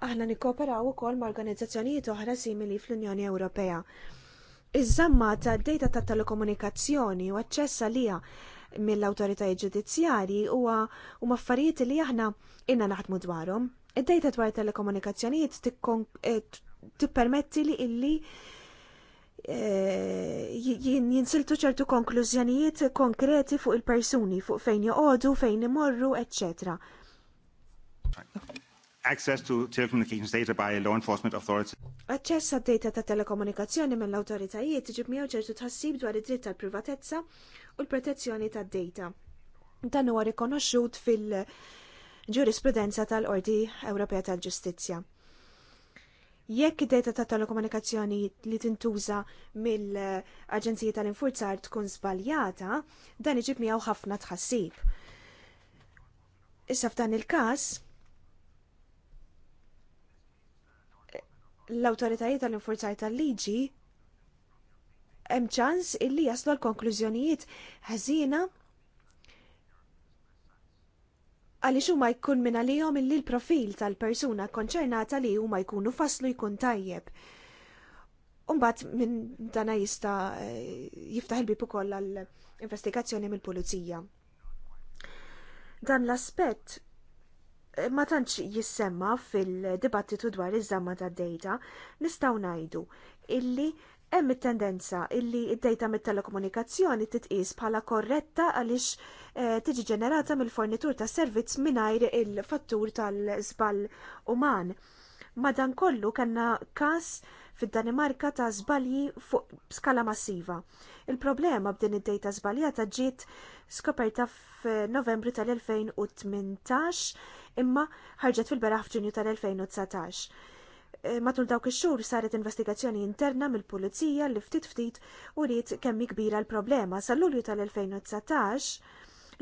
Aħna nikkooperaw ukoll ma' organizzazzjonijiet oħra simili fl-Unjoni Ewropea. Iż-żamma ta' data ta' telekomunikazzjoni u aċċess għalija mill-awtoritajiet ġudizzjarji huwa u affarijiet li aħna inna naħdmu dwarhom. Id-data dwar telekomunikazzjonijiet eh, tippermetti li illi Eh, jinsiltu ċertu konklużjonijiet konkreti fuq il-persuni, fuq fejn joqogħdu, fejn imorru, etc. Access to telecommunications data by law enforcement authorities. Aċċess għad data ta' telekomunikazzjoni mill awtoritajiet ġib miegħu ċertu tħassib dwar id-dritt tal-privatezza u l-protezzjoni tad data. Dan huwa rikonoxxut fil-ġurisprudenza tal-Qorti Ewropea tal-Ġustizzja. Jekk id-data ta' telekomunikazzjoni li tintuża mill aġenzija tal-Infurzar tkun żbaljata, dan iġib miegħu ħafna tħassib. Issa f'dan il-każ l-awtoritajiet tal-infurzar tal-liġi hemm ċans illi jaslu l-konklużjonijiet ħażina għaliex huma jkun minn għalihom illi l-profil tal-persuna konċernata li huma jkunu faslu jkun tajjeb. Umbat minn dana jista eh, jiftaħ il-bib ukoll għall-investigazzjoni mill-pulizija. Dan l-aspett eh, ma tantx jissemma fil-dibattitu dwar iż-żamma tad-dejta, nistgħu ngħidu illi Hemm it-tendenza illi id-dejta mit-telekomunikazzjoni titqis bħala korretta għaliex eh, tiġi ġenerata mill-fornitur ta' servizz mingħajr il-fattur tal-żball uman. Madankollu kellna każ fid-Danimarka ta' żbalji fuq skala massiva. Il-problema b'din id-dejta żbaljata ġiet skoperta f'Novembru tal-2018 imma ħarġet fil-beraħ f'Ġunju tal-2019 Eh, matul dawk ix-xhur saret investigazzjoni interna mill-Pulizija li ftit ftit u rrit kemm kbira l-problema. sa lulju tal-2019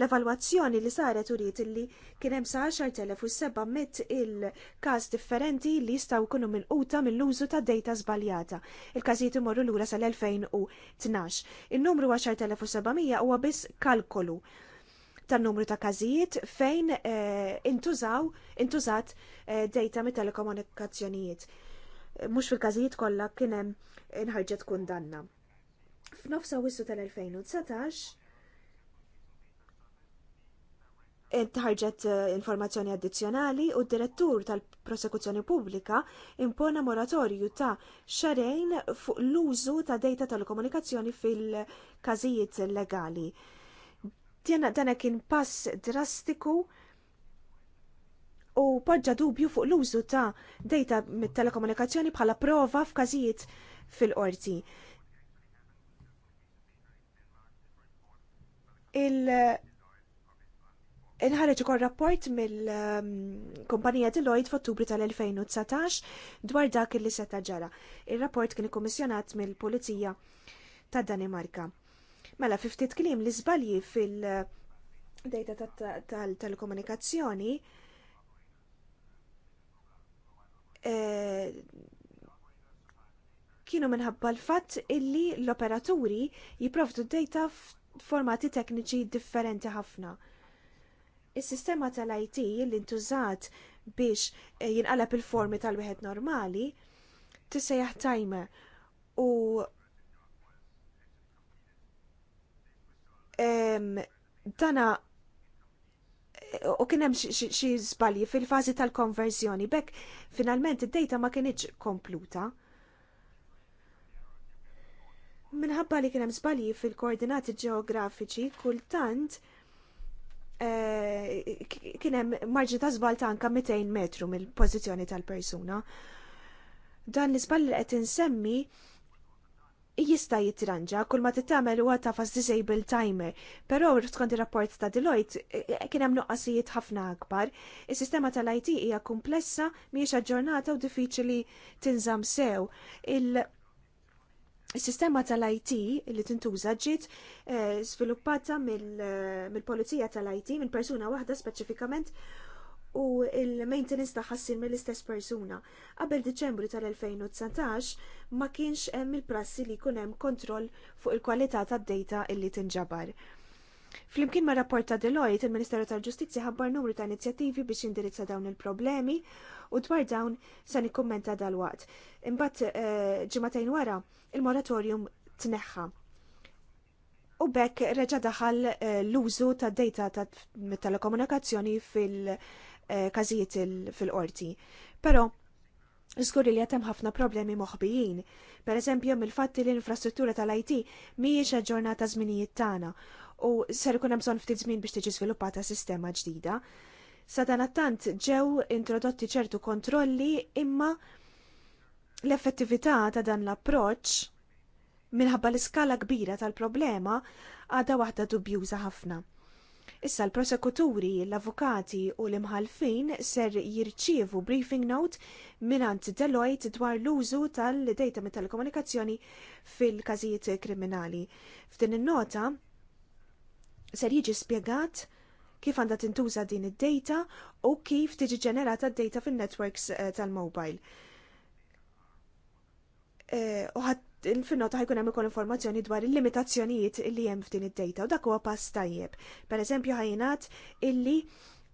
l-evalwazzjoni li saret u rrit li kien hemm sa 10,700 il-każ differenti li jistgħu jkunu minquta mill-użu ta' data żbaljata. Il-każijiet imorru lura sal-2012. Il-numru 10,700 huwa biss kalkolu tan-numru ta' każijiet fejn eh, intużaw intużat eh, data mit telekomunikazzjonijiet. Mhux fil-każijiet kollha kien hemm inħarġet kundanna. F'nofsa wissu tal-2019 tħarġet eh, informazzjoni addizzjonali u d-direttur tal-prosekuzzjoni pubblika impona moratorju ta' xarejn fuq l-użu ta' data telekomunikazzjoni fil-każijiet legali. Tjena dana kien pass drastiku u poġġa dubju fuq l-użu ta' data mit-telekomunikazzjoni bħala prova f'każijiet fil-qorti. Il Inħareġ ukoll rapport mill-kumpanija Deloitte f'Ottubru tal-2019 dwar dak li seta ġara. Ir-rapport kien ikkummissjonat mill-Pulizija tad Danimarka. Mela, fiftit klim li zbalji fil-data tal-telekomunikazzjoni eh, kienu minħabba l-fatt illi l-operaturi jipprovdu d-data f'formati tekniċi differenti ħafna. Is-sistema tal-IT li ntużat biex eh, jinqalab il-formi tal-wieħed normali tissejjaħ timer u dana u kien hemm xi żbalji fil-fażi tal-konverżjoni bekk finalment id-dejta ma kienieċ kompluta. Minħabba li kien hemm żbalji fil-koordinati ġeografiċi kultant eh, kien hemm marġi ta' zbal ta' anka 200 metru mill-pożizzjoni tal-persuna. Dan l-iżball li qed insemmi jista jitranġa kull ma tittamel huwa għata fas disable timer, però skont ir-rapport ta' Deloitte e, e, kien hemm noqqasijiet ħafna akbar. Is-sistema tal-IT hija komplessa, mhijiex aġġornata u diffiċli tinżam sew. Il- Is-sistema tal-IT li tintuża ġiet e, sviluppata mill-polizija tal-IT minn persuna waħda speċifikament u il-maintenance ta' ħassir mill-istess persuna. Qabel Diċembru tal-2019 ma kienx hemm il-prassi li jkun hemm kontroll fuq il-kwalità tad-data illi tinġabar. Flimkien ma' rapport ta' Deloitte, il-Ministeru tal-Ġustizzja ħabbar numru ta' inizjattivi biex indirizza dawn il-problemi u dwar dawn se nikkummenta dal-waqt. Imbagħad eh, ġimagħtejn wara il-moratorium tneħħa. U bekk reġa' daħal eh, l-użu ta' data ta' telekomunikazzjoni fil- Eh, każijiet fil-qorti. Però Żgur li hemm ħafna problemi moħbijin. Per eżempju, mill-fatti li l-infrastruttura tal-IT mhijiex aġġornata żminijiet tagħna u ser ikun hemm bżonn ftit żmien biex tiġi żviluppata sistema ġdida. Sadanattant ġew introdotti ċertu kontrolli imma l-effettività ta' dan l-approċċ minħabba l-iskala kbira tal-problema għadha waħda dubjuża ħafna. Issa l-prosekuturi, l-avukati u l-imħalfin ser jirċievu briefing note minant Deloitte dwar l-użu tal-data me telekomunikazzjoni fil-każijiet kriminali. F'din in-nota ser jiġi spjegat kif għandha tintuża din id-data u kif tiġi ġenerata d-data fin-networks eh, tal-mobile. uh, fil-nota ħajkun hemm ukoll informazzjoni dwar il-limitazzjonijiet li hemm f'din id-data u dak huwa pass tajjeb. Pereżempju ħajinat illi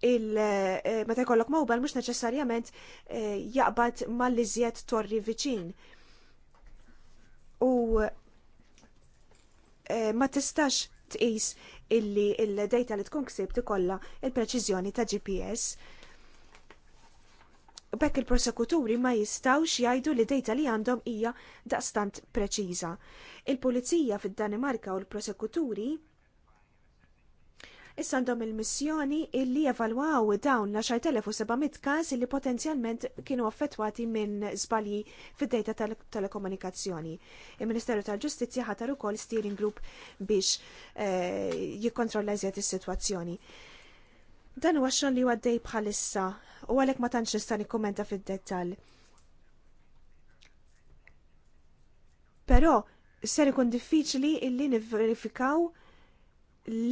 il eh, meta jkollok mowbel mhux neċessarjament eh, jaqbad mal-iżjed torri viċin. U eh, ma tistax tqis illi il-data li tkun ksibt ikollha il-preċiżjoni ta' GPS bekk il-prosekuturi ma jistawx jgħidu li dejta li għandhom hija daqstant preċiża. Il-Pulizija fid-Danimarka u l-prosekuturi issa għandhom il-missjoni illi evalwaw dawn l-10,700 każ li potenzjalment kienu affettwati minn żbalji fid-dejta telekomunikazzjoni. Il-Ministeru tal-Ġustizzja ħatar ukoll steering group biex eh, jikkontrolla iżjed is-sitwazzjoni. Dan huwa xogħol li għaddej bħalissa u għalhekk ma tantx nista' nikkumenta fid-dettall. Però ser ikun diffiċli illi nivverifikaw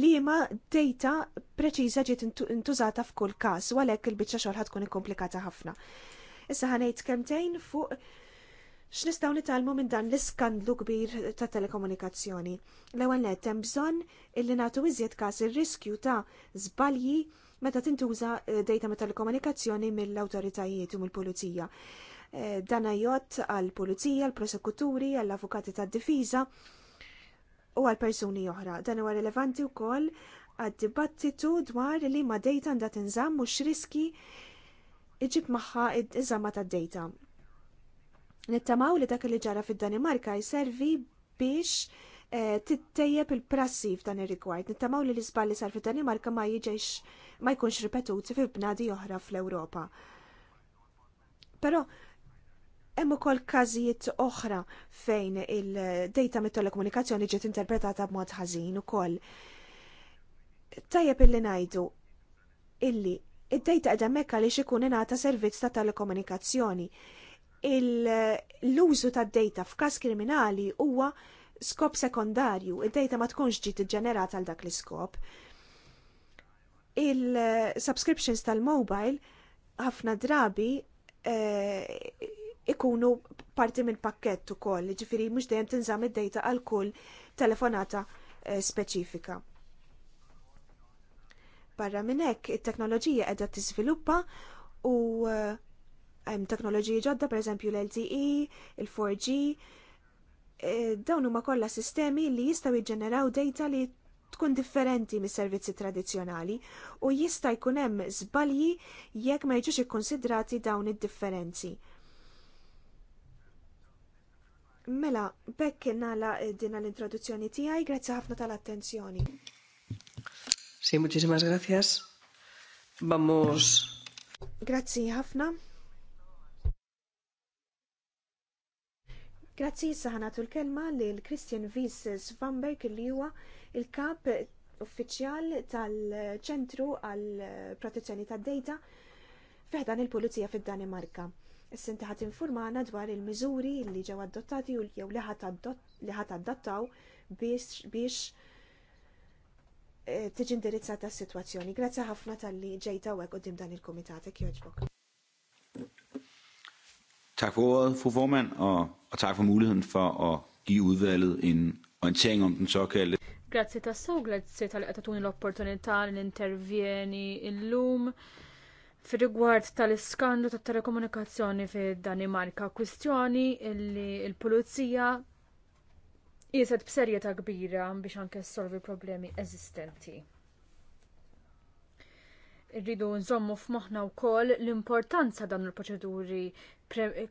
li ma data preċiża ġiet intużata f'kull każ u għalhekk il-biċċa xogħol ħadkun ikkomplikata ħafna. Issa ħanejt kemtejn fuq x'nistgħu nitgħalmu minn dan l-iskandlu kbir ta' telekomunikazzjoni. L-ewwel nett hemm bżonn illi nagħtu iżjed każ ir-riskju ta' żbalji meta tintuża eh, data me telekomunikazzjoni mill-awtoritajiet u mill-pulizija. Eh, Dana jott għal-pulizija, għal-prosekuturi, għall-avukati tad-difiża u għal-persuni oħra. Dan huwa rilevanti wkoll għad-dibattitu dwar li ma data għandha tinżamm mhux riski iġib maħħa iż-żamma tad-data. Nittamaw li dak li ġara fid-Danimarka jservi biex Eh, tittejjeb il-prassi f'dan ir-rigward. Nittamaw li l isballi sar fid-Danimarka ma jiġex ma jkunx ripetuti fi bnadi oħra fl-Ewropa. Però hemm ukoll każijiet oħra fejn il-data mit-telekomunikazzjoni ġiet interpretata b'mod ħażin ukoll. Tajjeb illi ngħidu illi id-data qed hemmhekk għaliex ikun ingħata servizz ta' telekomunikazzjoni. L-użu tad-data f'każ kriminali huwa skop sekondarju, id-data ma tkunx ġiet ġenerata għal dak l-iskop. Il-subscriptions tal-mobile ħafna drabi eh, ikunu parti minn pakkett ukoll, ġifiri mhux dejjem tinżamm id-data għal kull telefonata eh, speċifika. Barra minn hekk it-teknoloġija qiegħda tiżviluppa u eh, hemm teknoloġiji ġodda pereżempju l-LTE, il-4G, Eh, dawn huma kollha sistemi li jistgħu jiġġeneraw data li tkun differenti mis servizzi tradizzjonali u jista' jkun hemm żbalji jekk ma jiġux ikkonsidrati dawn id-differenzi. Mela, bekk nala eh, din l-introduzzjoni tiegħi, grazzi ħafna tal-attenzjoni. Sì, muchísimas gracias. Vamos. Grazzi ħafna. Grazzi saħnatu l-kelma lil Christian Vises Van li huwa il-kap uffiċjal tal-ċentru għal protezzjoni tad-data fiħdan il-Pulizija fid-Danimarka. Is-sinti ħat informana dwar il-miżuri li ġew adottati u jew li ħat adottaw biex eh, tiġi indirizzata s-sitwazzjoni. Grazzi ħafna tal-li ġejta u għek dan il-komitat, jogħġbok. Tak for ordet, fru formand, og, og tak for muligheden for at give udvalget en orientering om den såkaldte. so, grazie ta' tal-qetatuni l-opportunità li intervjeni illum fir-rigward tal-iskandlu tat telekomunikazzjoni fid-Danimarka, kwistjoni illi l-pulizija jiset b'serjetà kbira biex anke solvi problemi eżistenti. Irridu nżommu f'moħħna wkoll l-importanza dan il-proċeduri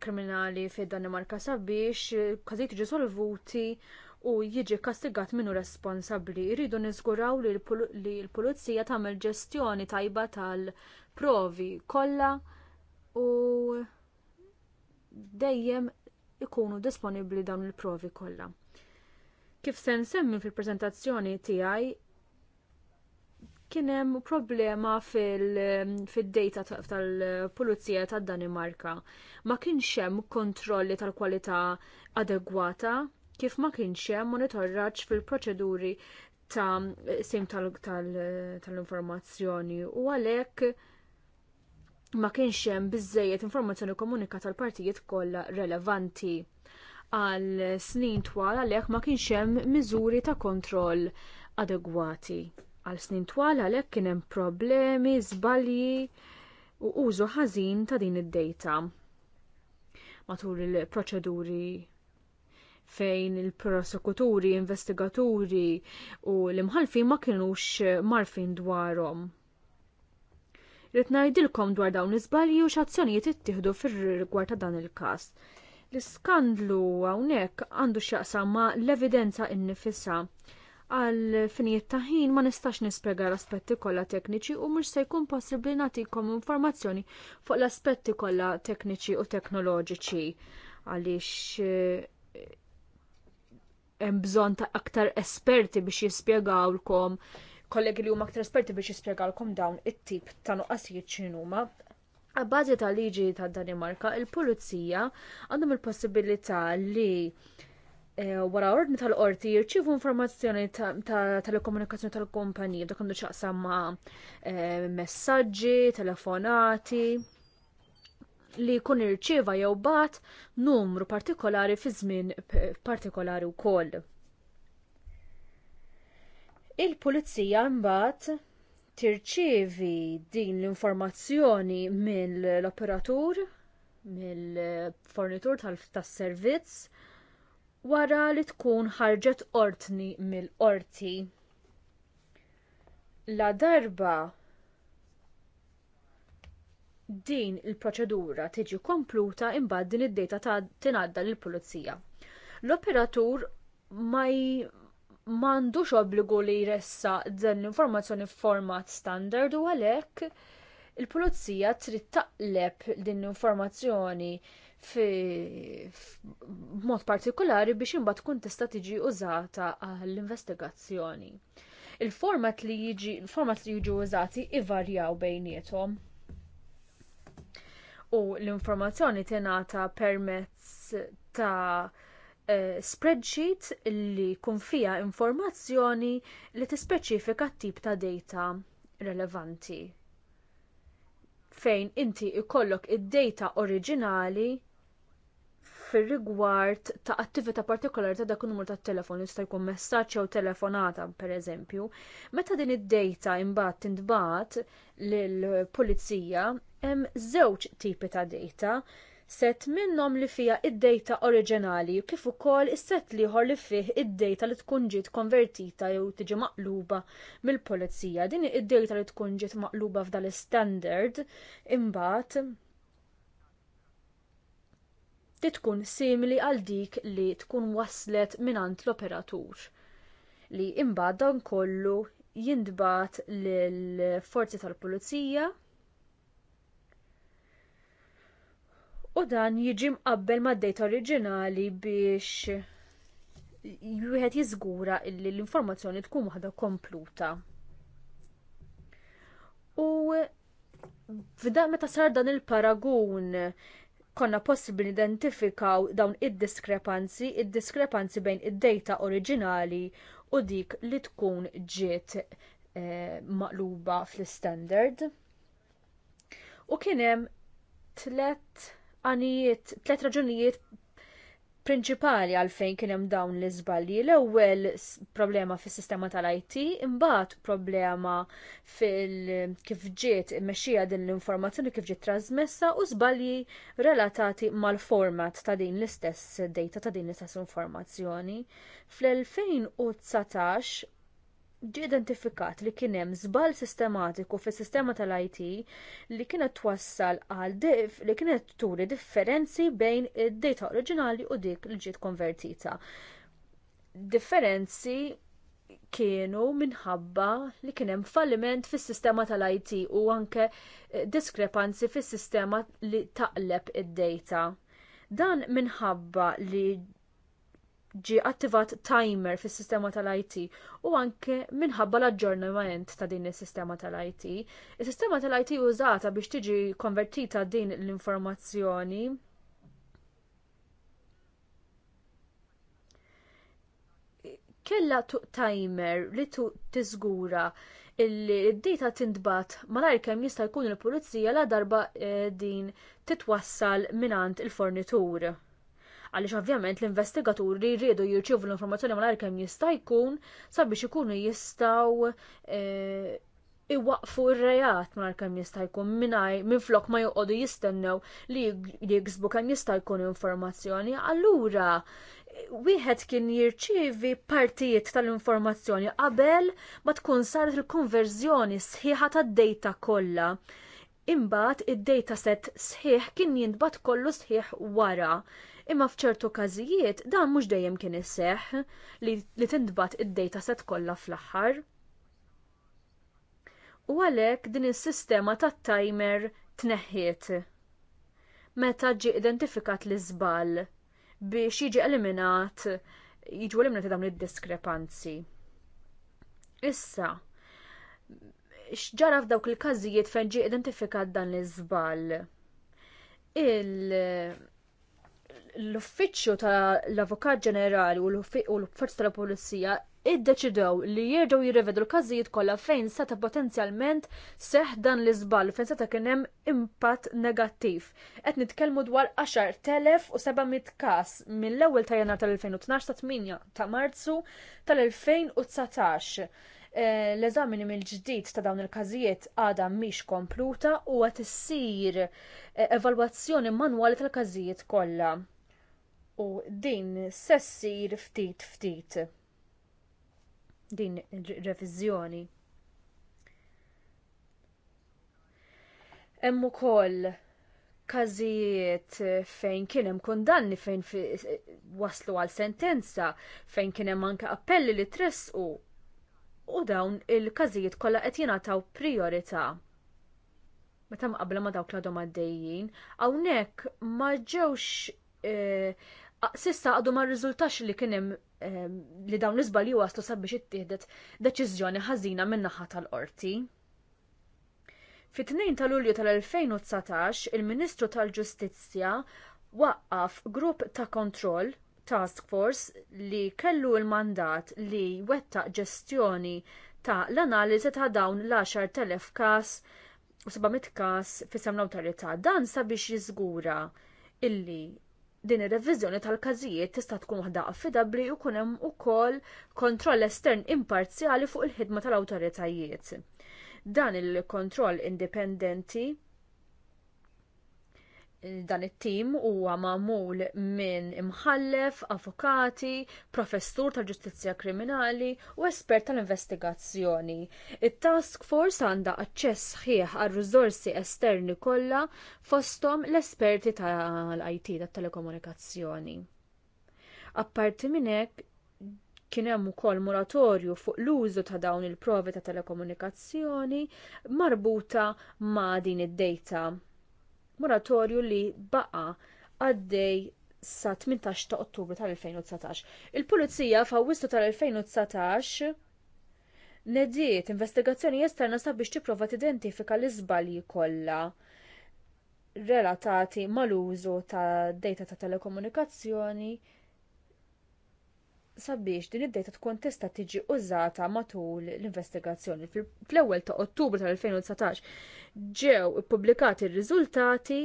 kriminali fid Danimarka sabiex każijiet jiġi solvuti u jiġi kastigat minnu responsabbli. Rridu niżguraw li l-pulizija tagħmel ġestjoni tajba tal-provi kollha u dejjem ikunu disponibbli dawn il-provi kollha. Kif se nsemmi fil prezentazzjoni tiegħi, kien hemm problema fil-data fil mm, tal-Pulizija tad Danimarka. Ma kienx hemm kontrolli tal-kwalità adegwata kif ma kienx hemm monitorraġġ fil-proċeduri ta' sim tal-informazzjoni u għalhekk ma kienx hemm biżejjed informazzjoni komunika tal-partijiet kollha relevanti għal snin twal għalhekk ma kienx hemm miżuri ta' kontroll adegwati għal snin twal għalhekk kien hemm problemi, żbalji u użu ħażin ta' din id-dejta. Matul il-proċeduri fejn il-prosekuturi, investigaturi u l-imħalfin ma kienux marfin dwarhom. Rid ngħidilkom dwar dawn iż-żbalji u x'azzjonijiet ittieħdu fir-rigward ta' dan il-każ. L-iskandlu hawnhekk għandu x'jaqsam ma' l-evidenza innifisha għal finijiet ta' ħin ma nistax nispjega l-aspetti kollha tekniċi u mhux se jkun possibbli nagħtikom informazzjoni fuq l-aspetti kollha tekniċi u teknoloġiċi għaliex eh, hemm bżonn ta' aktar esperti biex jispjegawlkom kollegi li huma aktar esperti biex jispjegawlkom dawn it-tip ta' nuqqasijiet x'inhuma. Għabbażi ta' liġi ta' Danimarka, il-Pulizija għandhom il-possibilità li Eh, wara ordni tal-qorti jirċivu informazzjoni tal-komunikazzjoni tal-kumpanija dak għandu ċaqsam ma' eh, messaġġi, telefonati li kun irċiva jew bat numru partikolari fi żmien partikolari wkoll. Il-pulizija mbagħad tirċievi din l-informazzjoni mill-operatur, mill-fornitur tas servizz wara li tkun ħarġet qortni mill-qorti. La darba din il-proċedura tiġi kompluta imbagħad din id-data ta' tingħadda lill-pulizija. L-operatur ma m'għandux obbligu li jressa dan l-informazzjoni f'format standard u għalhekk il-pulizija trid taqleb din l-informazzjoni fi mod partikolari biex imbagħad tkun tista' tiġi użata għall-investigazzjoni. Il-format li jiġi il-format li jiġu użati ivarjaw bejniethom. U l-informazzjoni tingħata permezz ta' eh, spreadsheet li jkun fiha informazzjoni li tispeċifika t-tip ta' data relevanti fejn inti ikollok id-data oriġinali fir-rigward ta' attività partikolari ta' dak numru tat telefon jista' jkun messaġġ jew telefonata pereżempju. Meta din id-data imbagħad tintbagħat lill-pulizija hemm żewġ tipi ta' data set minnhom li fiha id-data oriġinali kif ukoll is-set liħor li fih id-data li tkun ġiet konvertita jew tiġi maqluba mill-pulizija. Din id-data li tkun ġiet maqluba f'dal standard imbagħad li tkun simili għal dik li tkun waslet minant l-operatur li imbagħad dan kollu jindbat lill forzi tal-pulizija u dan jiġi mqabbel mad-dejta oriġinali biex wieħed jiżgura li l-informazzjoni tkun waħda kompluta. U f'dan meta sar dan il-paragun konna possibbli nidentifikaw dawn id-diskrepanzi, id-diskrepanzi bejn id-data oriġinali u dik li tkun ġiet eh, maqluba fl-standard. U kien hemm tlet għanijiet, tlet raġunijiet prinċipali għalfejn kien hemm dawn l-iżbalji. L-ewwel problema fis-sistema tal-IT, imbagħad problema fil kif ġiet imexxija din l-informazzjoni kif ġiet trasmessa u żbalji relatati mal-format ta' din l-istess data ta' din l-istess informazzjoni. Fl-2019 ġie identifikat li kien hemm żball sistematiku fis-sistema tal-IT li kienet twassal għal li kienet turi differenzi bejn id-data oriġinali u dik li ġiet konvertita. Differenzi kienu minħabba li kien hemm falliment fis-sistema tal-IT u anke eh, diskrepanzi fis-sistema li taqleb id-data. Dan minħabba li ġie attivat timer fis sistema tal-IT u anke minħabba l-aġġornament ta' din is sistema tal-IT. is sistema tal-IT użata biex tiġi konvertita din l-informazzjoni kella tuq timer li tu tiżgura d data tindbat malajr kemm jista' jkun il-pulizija la darba eh, din titwassal minant il-fornitur għaliex ovvjament l-investigaturi jridu jirċievu l-informazzjoni malajr kemm jista' jkun sabiex ikunu jistgħu eh, iwaqfu r-rejat minn kemm jista' jkun mingħajr minflok ma joqogħdu jistennew li jiksbu kemm jista' jkun informazzjoni, allura wieħed kien jirċievi partijiet tal-informazzjoni qabel ma tkun saret il-konverżjoni sħiħa tad-dejta kollha. Imbagħad id-data set sħiħ kien jintbagħat kollu sħiħ wara imma f'ċertu każijiet dan mhux dejjem kien iseħħ li, li tintbat id-dejta set kollha fl-aħħar. U għalhekk din is-sistema tat-timer tneħħiet. Meta ġie identifikat l-iżbal biex jiġi eliminat jiġu eliminati dawn id-diskrepanzi. Issa, xġara f'dawk il-każijiet fejn ġie identifikat dan l-iżbal. Il- l-Uffiċċju tal-Avukat Ġenerali u l-Forza tal-Pulizija iddeċidew li jerġgħu jirrevedu l-każijiet kollha fejn seta potenzjalment seħ dan l-iżball fejn seta kien hemm impatt negattiv. Qed nitkellmu dwar 10,700 każ mill-ewwel ta' Jannar tal-2012 ta' 8 ta' Marzu tal-2019 Eh, l-eżamini mill-ġdid ta' dawn il-każijiet għadha mhix kompluta u qed issir eh, evalwazzjoni manwali tal-każijiet kollha. U din se ssir ftit ftit. Din reviżjoni. Hemm ukoll każijiet fejn kien hemm kundanni fejn waslu għal sentenza, fejn kien hemm anke appelli li tressqu u dawn il-każijiet kollha qed jingħataw priorità. Meta mqabbla ma dawk l-għadhom għaddejjin, hawnhekk ma ġewx eh, sissa għadu ma rriżultax li kien hemm eh, li dawn l-iżbalji waslu sabiex ittieħdet deċiżjoni ħażina min naħa tal-qorti. fit tnejn ta' Lulju tal-2019, il-Ministru tal-Ġustizzja waqqaf grupp ta' kontroll task force li kellu l mandat li wettaq ġestjoni ta' l-analiżi ta' dawn l-10,000 każ u 700 każ fis l-awtorità. Dan sabiex jiżgura illi din ir-reviżjoni tal-każijiet tista' tkun waħda affidabbli u kun hemm ukoll kontroll estern imparzjali fuq il-ħidma tal-awtoritajiet. Dan il-kontroll indipendenti dan it-tim huwa magħmul minn imħallef, avukati, professur tal-ġustizzja kriminali u espert tal-investigazzjoni. It-task force għandha aċċess ħieħ għal riżorsi esterni kollha fosthom l-esperti tal-IT tat-telekomunikazzjoni. Apparti minn hekk kien hemm ukoll moratorju fuq l-użu ta' dawn il-provi ta' telekomunikazzjoni marbuta ma' din id-data moratorju li baqa għaddej sa 18 ta' Ottubru tal-2019. Il-Pulizija f'Awwissu tal-2019 nediet investigazzjoni esterna sabiex tipprova tidentifika l-iżbalji kollha relatati mal-użu ta' data ta' telekomunikazzjoni sabiex din id-data tkun tista' tiġi użata matul l-investigazzjoni. Fl-ewwel ta' Ottubru tal-2019 ġew ippubblikati r-riżultati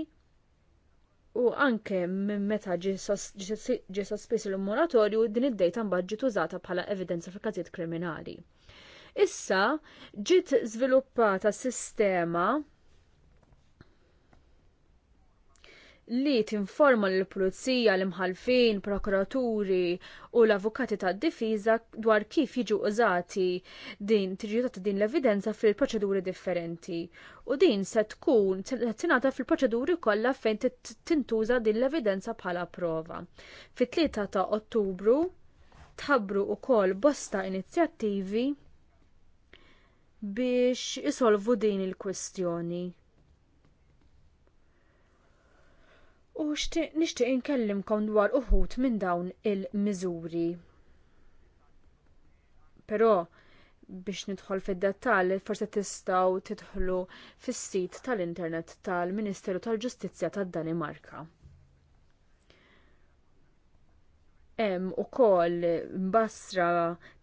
u anke meta ġie sospiss il-moratorju din id-data mbagħad ġiet użata bħala evidenza fil każijiet kriminali. Issa ġiet żviluppata sistema li tinforma lill pulizija l-imħalfin, prokuraturi u l-avukati tad difiża dwar kif jiġu użati din tiġi din l-evidenza fil-proċeduri differenti. U din se tkun tingħata fil-proċeduri kollha fejn tintuża din l-evidenza bħala prova. Fit-3 ta' Ottubru tħabbru wkoll bosta inizjattivi biex isolvu din il-kwistjoni u nixtieq inkellimkom dwar uħud minn dawn il-miżuri. Però biex nidħol fid-dettall, forse tistgħu tidħlu fis-sit tal-Internet tal-Ministeru tal-Ġustizzja tad-Danimarka. Hemm ukoll mbasra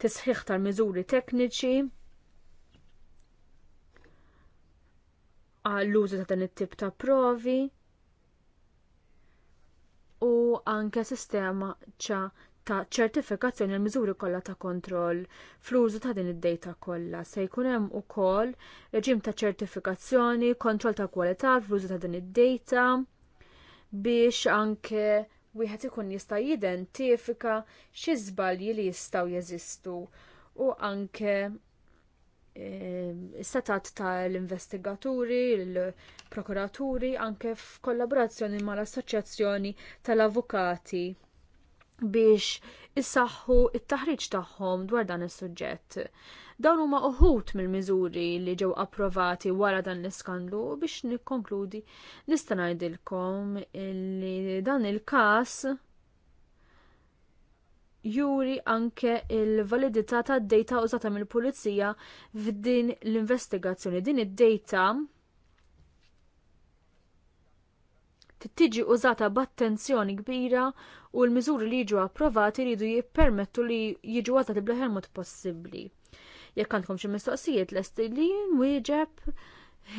tisħiħ tal-miżuri tekniċi għall-użu ta' dan it-tip ta' provi u anke sistema ċa ta' ċertifikazzjoni l miżuri kollha ta' kontroll fl-użu ta' din id-dejta kollha. Se jkun hemm ukoll reġim ta' ċertifikazzjoni, kontroll ta' kwalità fl-użu ta' din id-dejta biex anke wieħed ikun jista' jidentifika xi żbalji li jistgħu jeżistu u anke istatat l investigaturi l-prokuraturi, anke f'kollaborazzjoni mal-Assoċjazzjoni tal-Avukati biex issaħħu t taħriġ tagħhom dwar dan is-suġġett. Dawn huma uħut mill-miżuri li ġew approvati wara dan l-iskandlu biex nikkonkludi nista' ngħidilkom li dan il-każ juri anke il-validità tad data użata mill-pulizija f'din l-investigazzjoni. Din id-data tiġi użata b'attenzjoni kbira u l-miżuri li jiġu approvati jridu jippermettu li jiġu għatati bl-ħer mod possibbli. Jekk għandkom xi mistoqsijiet lest li nwieġeb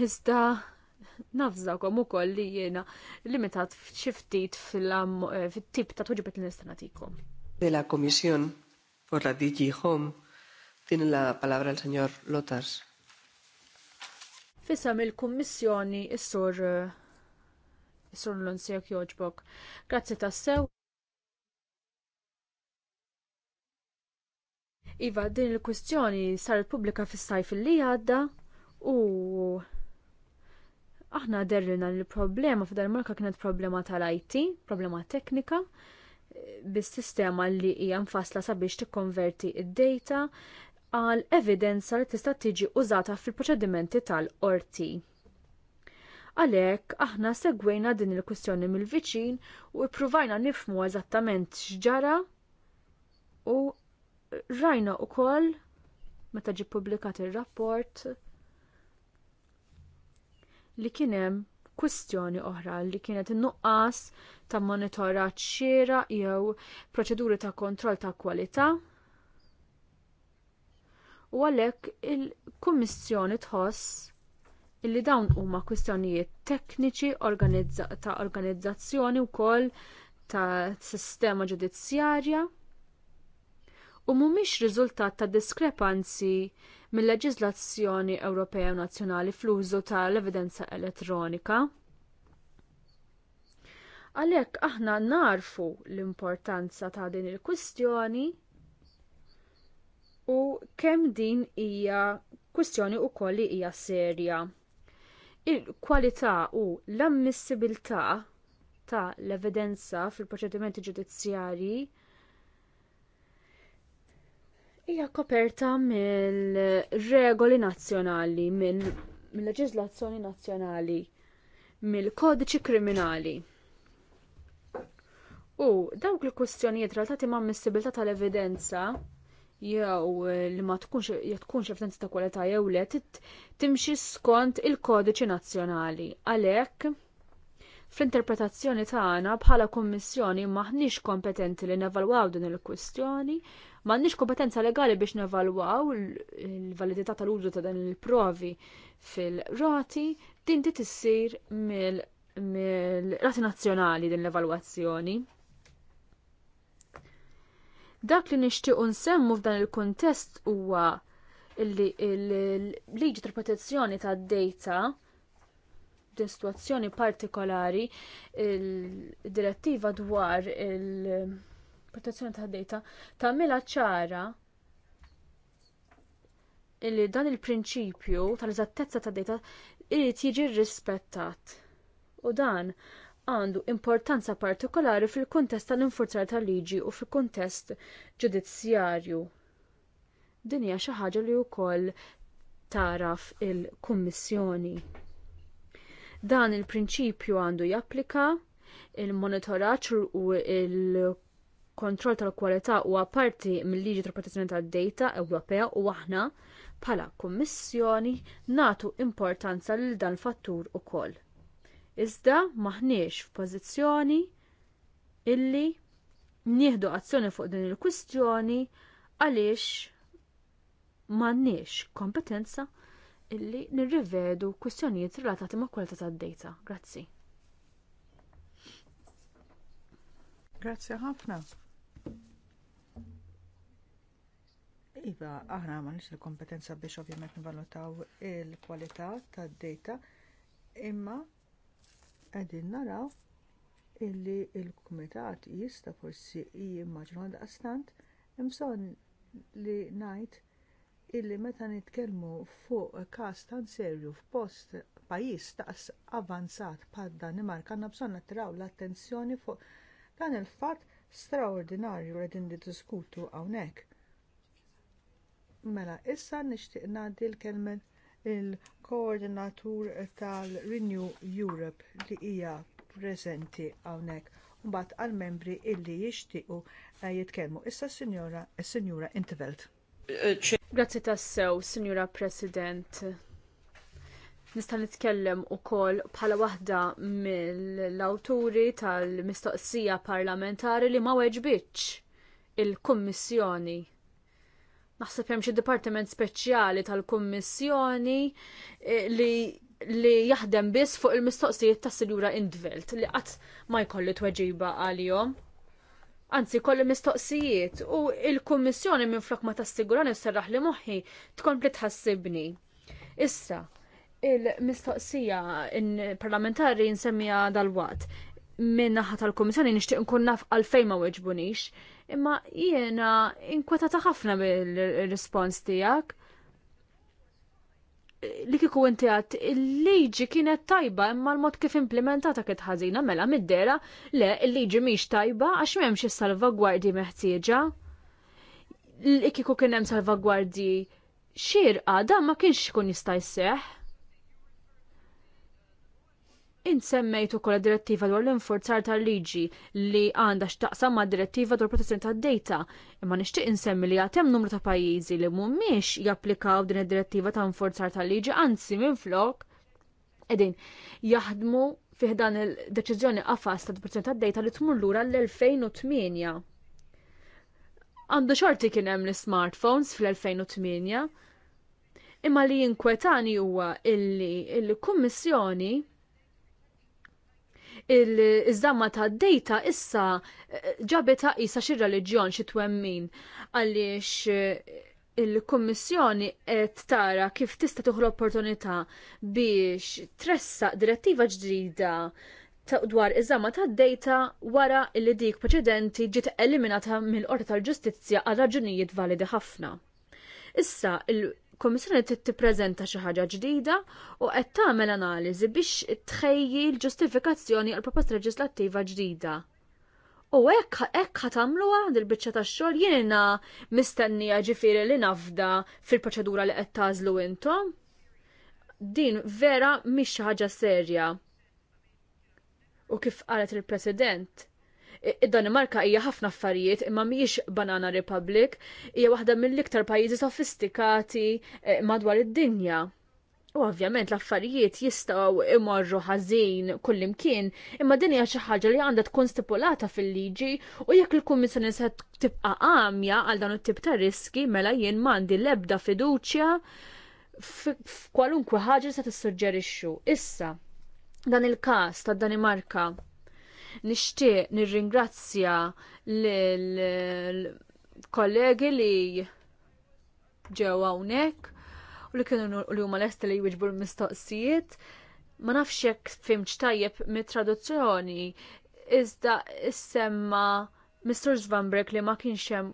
iżda nafżakom ukoll li jiena limitat xi ftit eh, fit-tip ta' tuġibet li nista' nagħtikom de la Comisión por la DG Home. Tiene la palabra el señor Lotas. Fisam il-Kummissjoni is-sur eh, is-sur Lonsek Joġbok. Grazzi tassew. Iva, din il-kwistjoni saret pubblika fis-sajf li għadda u aħna derrina l-problema marka kienet problema tal-IT, problema teknika, bis-sistema li hija mfassla sabiex tikkonverti id-data għal evidenza li tista' tiġi użata fil-proċedimenti tal-qorti. Għalhekk aħna segwejna din il-kwistjoni mill-viċin u ppruvajna nifmu eżattament x'ġara u rajna wkoll meta ġie ppubblikat ir-rapport li kien hemm kwistjoni oħra li kienet nuqqas ta' monitorat xiera jew proċeduri ta' kontroll ta' kwalità. U għalhekk il-Kummissjoni tħoss illi dawn huma kwistjonijiet tekniċi ta' organizzazzjoni wkoll ta' sistema ġudizzjarja u mhumiex riżultat ta' diskrepanzi mill-leġiżlazzjoni Ewropea u nazzjonali fl-użu tal-evidenza elettronika. Għalhekk aħna narfu l-importanza ta' din il-kwistjoni u kemm din hija kwistjoni wkoll li hija serja. Il-kwalità u l-ammissibilità ta' l-evidenza fil-proċedimenti ġudizzjarji hija koperta mill-regoli nazzjonali, mill-leġiżlazzjoni nazzjonali, mill-kodiċi kriminali. U dawk il-kwistjonijiet relatati ma' missibilta tal-evidenza jew li ma tkunx tkunx evidenza ta' kwalità jew le timxi skont il-kodiċi nazzjonali. Għalhekk Fl-interpretazzjoni tagħna bħala kummissjoni maħniex kompetenti li nevalwaw din il-kwistjoni, maħniex kompetenza legali biex nevalwaw il-validità tal-użu ta' dan il-provi fil-rati, din ti tissir mill-rati nazzjonali din l-evalwazzjoni. Dak li nixtiequ nsemmu f'dan il-kuntest huwa li liġi tal protezzjoni tad-data din situazzjoni partikolari il-direttiva dwar il-protezzjoni ta' data tagħmilha ċara li dan il-prinċipju tal-eżattezza ta' data irid jiġi rrispettat. U dan għandu importanza partikolari fil-kuntest tal-infurzar tal-liġi u fil-kuntest ġudizzjarju. Din hija xi ħaġa li wkoll taraf il-Kummissjoni. Dan il-prinċipju għandu japplika il-monitoraġġ u il-kontroll tal-kwalità huwa parti mill-liġi tal protezzjoni tad-data Ewropea u aħna bħala Kummissjoni nagħtu importanza lil dan fattur ukoll. Iżda maħniex f'pożizzjoni illi nieħdu azzjoni fuq din il-kwistjoni għaliex m'għandniex kompetenza illi nirrivedu kwistjonijiet relatati ma' kwalità tad-dejta. Grazzi. Grazzi ħafna. Iva, aħna ma nix il-kompetenza biex ovvjament nivalutaw il-kwalità tad-dejta, imma qegħdin naraw illi l il kumitat jista forsi jimmaġna daqstant imson li ngħid illi meta nitkellmu fuq każ tan serju f'post pajjiż taqs avanzat bħad Danimarka għandna bżonn l-attenzjoni fuq dan il-fatt straordinarju li din diskutu hawnhekk. Mela, issa nixtieq ngħaddi l-kelmen il-koordinatur tal-Renew Europe li hija preżenti hawnhekk mbagħad għall membri illi jixtiequ eh, jitkellmu. Issa s Signora Intvelt. Grazzi tassew, Signora President. Nista' nitkellem ukoll bħala waħda mill-awturi tal-mistoqsija parlamentari li ma weġbitx il-Kummissjoni. Naħseb hemm xi dipartiment speċjali tal-Kummissjoni eh, li li jaħdem biss fuq il-mistoqsijiet ta' Sinjura Indvelt li qatt ma jkollu tweġiba għalihom. Anzi, kolli mistoqsijiet u il-Kummissjoni minn flok ma tassigurani s-serraħ li moħħi tkompli tħassibni. Issa, il-mistoqsija in parlamentari nsemmija dal-wat minn naħa tal-Kummissjoni nixtieq nkun naf għalfejn ma weġbunix, imma jiena inkwetata ħafna bil-rispons tiegħek li kiku inti għat il-liġi kienet tajba imma l-mod kif implementata kiet ħażina mela mid-dera le il-liġi miex tajba għax m'hemmx is-salvagwardji meħtieġa. Li kiku kien hemm salvagwardji xirqa dan ma kienx ikun jista' jseħħ. Insemmejtu kol direttiva dwar l-infurzar tal-liġi li għandha x'taqsam ma' direttiva dwar protezzjoni tad-data, imma nixtieq insemmi li għatem numru ta' pajjiżi li mhumiex japplikaw din id-direttiva ta' infurzar tal-liġi, anzi minflok edin jaħdmu fih dan il-deċiżjoni qafas ta' protezzjoni tad-data li tmur lura l-2008. Għandu xorti kien hemm l-smartphones fl-2008, imma li jinkwetani huwa illi il-Kummissjoni il-żamma ta' data issa eh, ġabet ta' isa xir reliġjon xi twemmin għaliex eh, il-Kummissjoni qed tara kif tista' toħlo opportunità biex tressaq direttiva ġdida dwar iż-żamma tad-dejta wara li dik preċedenti ġiet eliminata mill-Qorti tal-Ġustizzja għal raġunijiet validi ħafna. Issa Kommissjoni trid tippreżenta xi ħaġa ġdida u qed tagħmel analiżi biex tħejji l-ġustifikazzjoni għal proposta leġislattiva ġdida. U hekk hekk ħatamluha dil-biċċa tax-xogħol jiena mistennija ġifieri li nafda fil-proċedura li qed tażlu intom. Din vera mhix xi ħaġa serja. U kif qalet il-President, id-Danimarka hija ħafna affarijiet imma mhijiex Banana Republic, hija waħda mill-iktar pajjiżi sofistikati eh, madwar id-dinja. U ovvjament l-affarijiet jistgħu imorru ħażin kullimkien, imma din hija xi ħaġa li għandha tkun stipulata fil-liġi u jekk il-Kummissjoni se tibqa' għamja għal dan it-tip ta' riski mela jien m'għandi l-ebda fiduċja f'kwalunkwe ħaġa se tissuġġerixxu. Issa, dan il-każ tad-Danimarka Nixtieq nirringrazzja l-kollegi li ġew hawnhekk u li kienu li huma lesti li jwiġbu l-mistoqsijiet. Ma nafx jekk fimx tajjeb mit-traduzzjoni iżda issemma Mr. Zvanbrek li ma kienx hemm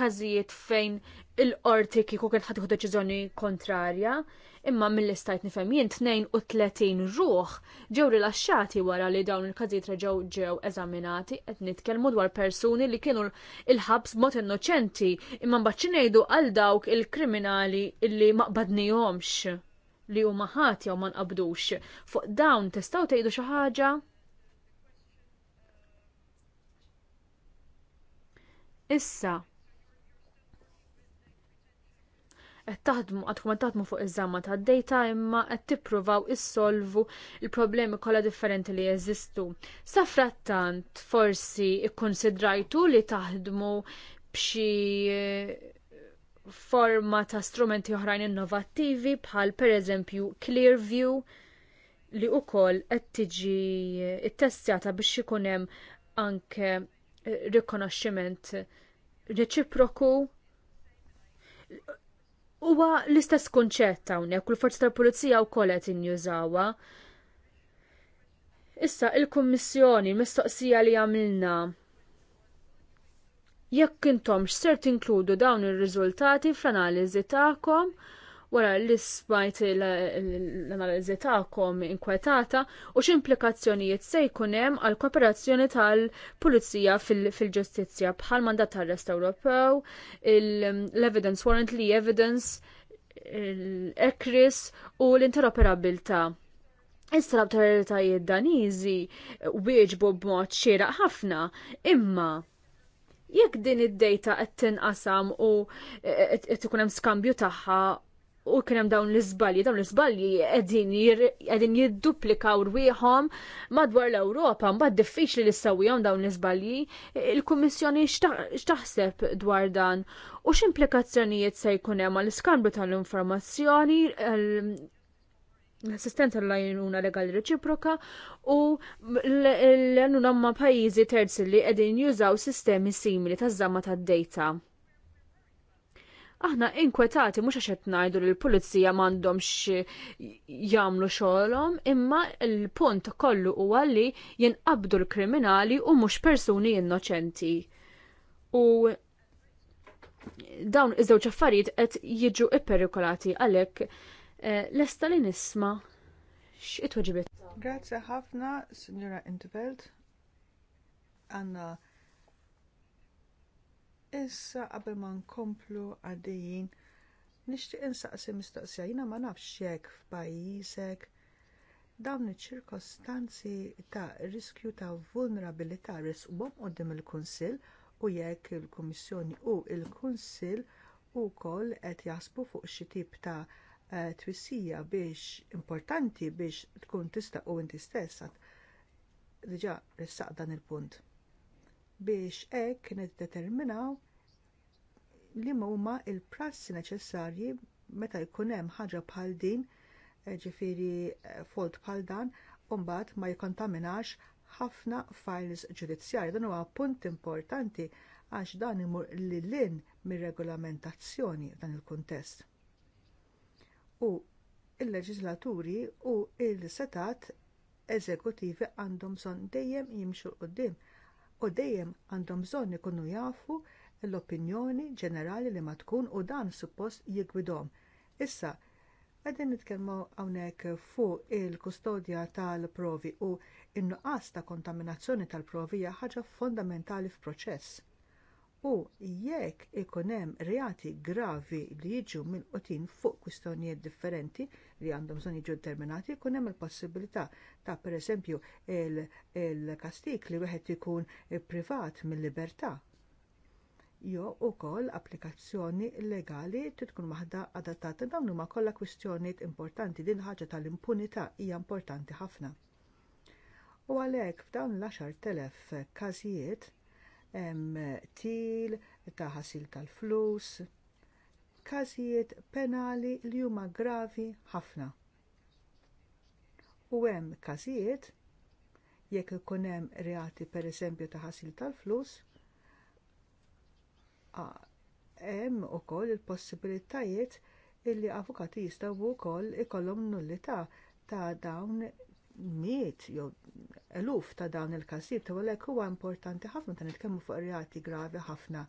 każijiet fejn il-qorti kieku kien ħatiħu deċiżjoni kontrarja imma mill-istajt nifhem jien 32 ruħ ġew rilaxxati wara li dawn il-każijiet reġgħu ġew eżaminati qed nitkellmu dwar persuni li kienu il-ħabs mod innoċenti imma mbagħad ngħidu għal dawk il-kriminali li ma qbadnihomx li huma ħati jew ma nqabdux. Fuq dawn tistgħu tgħidu xi ħaġa? Issa, qed taħdmu qed ma taħdmu fuq iż-żamma tad-dejta imma qed tippruvaw issolvu il-problemi kollha differenti li jeżistu. Sa frattant forsi ikkonsidrajtu li taħdmu b'xi eh, forma ta' strumenti oħrajn innovattivi bħal pereżempju Clearview li wkoll qed tiġi eh, ttestjata biex ikun hemm anke eh, rikonoxximent reċiproku huwa l-istess kunċett hawnhekk u l-forzi tal-pulizija wkoll qed injużawha. Issa il-Kummissjoni mistoqsija li għamilna jekk intom x'ser tinkludu dawn ir-riżultati fl-analiżi tagħkom wara l spajt l-analiżi tagħkom inkwetata u x'implikazzjonijiet se jkun hemm għal kooperazzjoni tal-Pulizija fil-Ġustizzja bħal mandat tal-Rest Ewropew, l-Evidence Warrant li Evidence, l ekris u l-interoperabilità. Issa l-autoritajiet daniżi wieġbu b'mod xieraq ħafna, imma jekk din id-data qed tinqasam u qed ikun hemm skambju tagħha u kienem dawn l-izbalji, dawn l-izbalji għedin jidduplikaw rwieħom madwar l-Europa, mbad diffiċ li l-issawijom dawn l-izbalji, il-Kommissjoni xtaħseb dwar dan u x'implikazzjonijiet se jkunem għal-iskambju tal-informazzjoni l assistent l-lajnuna legali reċiproka u l-għannuna ma' pajizi terzi li għedin jużaw sistemi simili ta' zamma ta' data. Aħna inkwetati mhux għax qed ngħidu li l-pulizija m'għandhomx jagħmlu xogħolhom, imma l-punt kollu huwa li jinqabdu l-kriminali u mhux persuni innoċenti. U dawn iż-żewġ affarijiet qed jiġu ipperikolati għalhekk eh, lesta li nisma' x'itweġibet. Grazzi ħafna, Signora Intervelt. Anna Issa qabel ma nkomplu għaddejjin nixtieq insaqsi mistaqsija jiena ma nafx jekk f'pajjiżek dawn iċ-ċirkostanzi ta' riskju ta' vulnerabilità risqhom quddiem il-Kunsill u jekk il-Kummissjoni u l kunsill ukoll qed jaħsbu fuq xi tip ta' eh, twissija biex importanti biex tkun tista' u inti stess diġà ressaq dan il-punt biex hekk niddeterminaw li huma l prassi neċessarji meta jkun hemm ħaġa bħal din eh, ġifiri eh, fold bħal dan u mbagħad ma jikkontaminax ħafna files ġudizzjarji. Dan huwa punt importanti għax dan imur lilin mir-regolamentazzjoni f'dan il-kuntest. U l leġislaturi u l setat eżekutivi għandhom son dejjem jimxu quddiem u dejjem għandhom bżonn ikunu jafu l-opinjoni ġenerali li ma tkun u dan suppost jigwidhom. Issa, qegħdin nitkellmu hawnhekk fuq il-kustodja tal-provi u n-nuqqas ta' kontaminazzjoni tal-provi hija ħaġa fondamentali f'proċess u jekk ikun hemm reati gravi li jiġu mill fuq kwistjonijiet differenti li għandhom bżonn jiġu determinati, ikun hemm il-possibilità ta' pereżempju il-kastik li wieħed ikun privat mill-libertà. Jo wkoll applikazzjoni legali tkun waħda adattata dawn huma kollha kwistjonijiet importanti din ħaġa tal-impunità hija importanti ħafna. U għalhekk f'dawn l-10,000 każijiet hemm til ta' ħasil tal-flus, każijiet penali li huma gravi ħafna. U hemm każijiet jekk ikun hemm reati pereżempju ta' ħasil tal-flus, hemm ukoll il-possibilitajiet illi avukati jistgħu wkoll ikollhom nullità ta' dawn miet jew eluf ta' dawn il-każijiet ta' għalhekk huwa importanti ħafna ta' nitkellmu fuq reati gravi ħafna.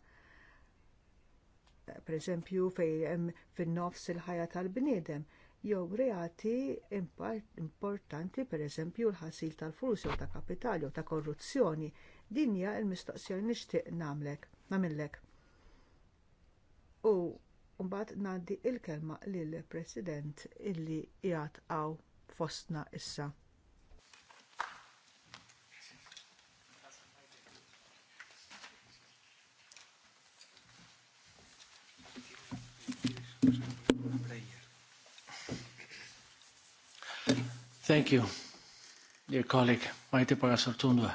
Pereżempju fejn hemm fin-nofs il-ħajja tal-bniedem jew reati importanti pereżempju l-ħasil tal-flus jew ta' kapital jew ta' korruzzjoni. Din hija l-mistoqsija nixtieq nagħmlek, nagħmellek. U mbagħad ngħaddi l kelma lill-President illi jgħat fostna issa. Thank you, dear colleague Maite Parasartundua,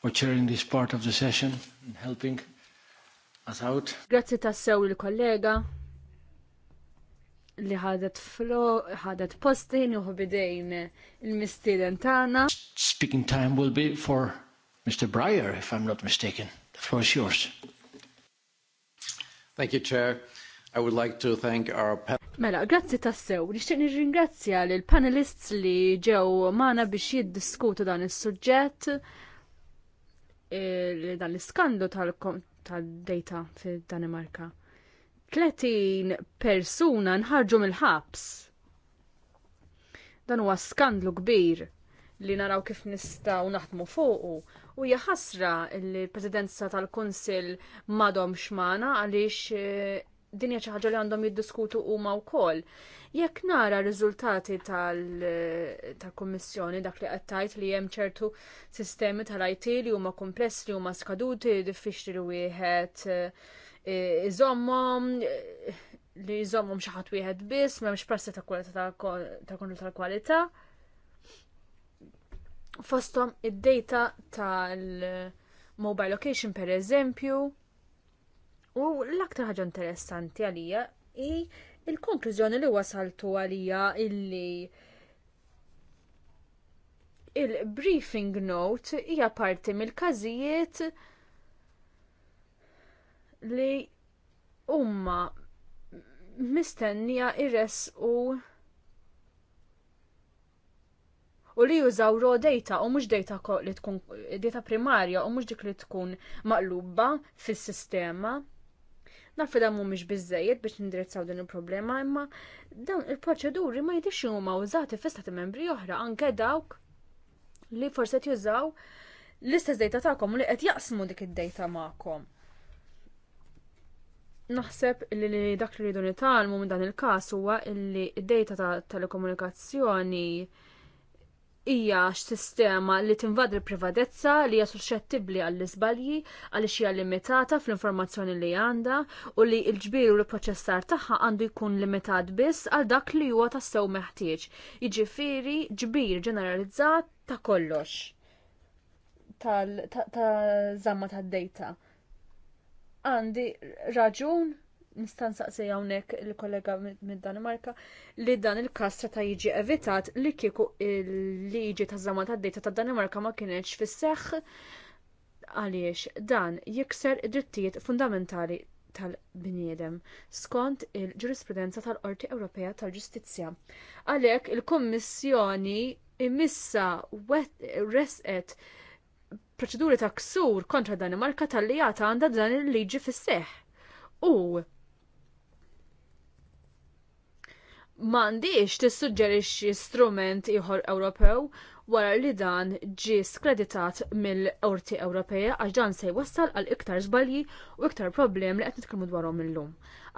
for chairing this part of the session and helping us out. Grazzi tassew il-kollega li ħadet flo, ħadet postin uħu bidejn il-mistiden tana. Speaking time will be for Mr. Breyer, if I'm not mistaken. The floor is yours. Thank you, Chair. I would like to thank our panel. Mela, grazzi tassew. Nixtieq nirringrazzja lill panelists li ġew mana biex jiddiskutu dan is-suġġett eh, dan l-iskandlu tal-data fid danimarka 30 persuna nħarġu mill-ħabs. Dan huwa skandlu kbir li naraw kif nistgħu naħdmu fuqu u jaħasra l-Presidenza tal-Kunsill madhom xmana għaliex eh, dinja xi ħaġa li għandhom jiddiskutu huma wkoll. Jekk nara r-riżultati tal-Kummissjoni dak li qed tgħid li hemm ċertu sistemi tal-IT li huma komplessi li huma skaduti, diffiċli li wieħed eh, iżommhom eh, li jżommhom xi ħadd wieħed biss, m'hemmx prassi ta' kwalità ta' kontroll tal-kwalità. Fosthom id-data tal-mobile location per eżempju, U l-aktar ħaġa interessanti għalija hi l konklużjoni li wasaltu għalija illi il-briefing note hija parti mill-każijiet li huma mistennija irres u u li jużaw raw data u mhux data li tkun data primarja u mhux dik li tkun maqluba fis-sistema Naf da mhumiex biżejjed biex nindirizzaw din il-problema, imma dawn il-proċeduri ma jidix huma użati f'istati membri oħra anke dawk li forse jużaw l-istess dejta tagħkom u li qed jaqsmu dik id-dejta magħkom. Naħseb li dak li rridu nitalmu minn dan il-każ huwa li d-dejta ta' telekomunikazzjoni ta hija x-sistema li tinvadri privatezza li hija suscettibbli għall-iżbalji għaliex hija limitata fl-informazzjoni li għandha u li l-ġbir u l-proċessar tagħha għandu jkun limitat biss għal dak li huwa tassew meħtieġ. Jiġifieri ġbir ġeneralizzat ta' kollox ta' żamma tad-dejta. Għandi raġun nistan nsaqsi hawnhekk il-kollega mid-Danimarka li dan il-każ seta' jiġi evitat li kieku il-liġi taż-żamma tad-dejta tad-Danimarka ma kienieċ fis għaliex dan jikser id-drittijiet fundamentali tal-bniedem skont il-ġurisprudenza tal-Qorti Ewropea tal-Ġustizzja. Għalhekk il-Kummissjoni imissa reset proċeduri ta' ksur kontra Danimarka tal-li għandha dan il-liġi fis-seħħ. U m'għandix tissuġġerixxi strument ieħor Ewropew wara li dan ġie skreditat mill-Qorti Ewropea għax dan se jwassal għal iktar żbalji u iktar problemi li qed nitkellmu dwarhom illum.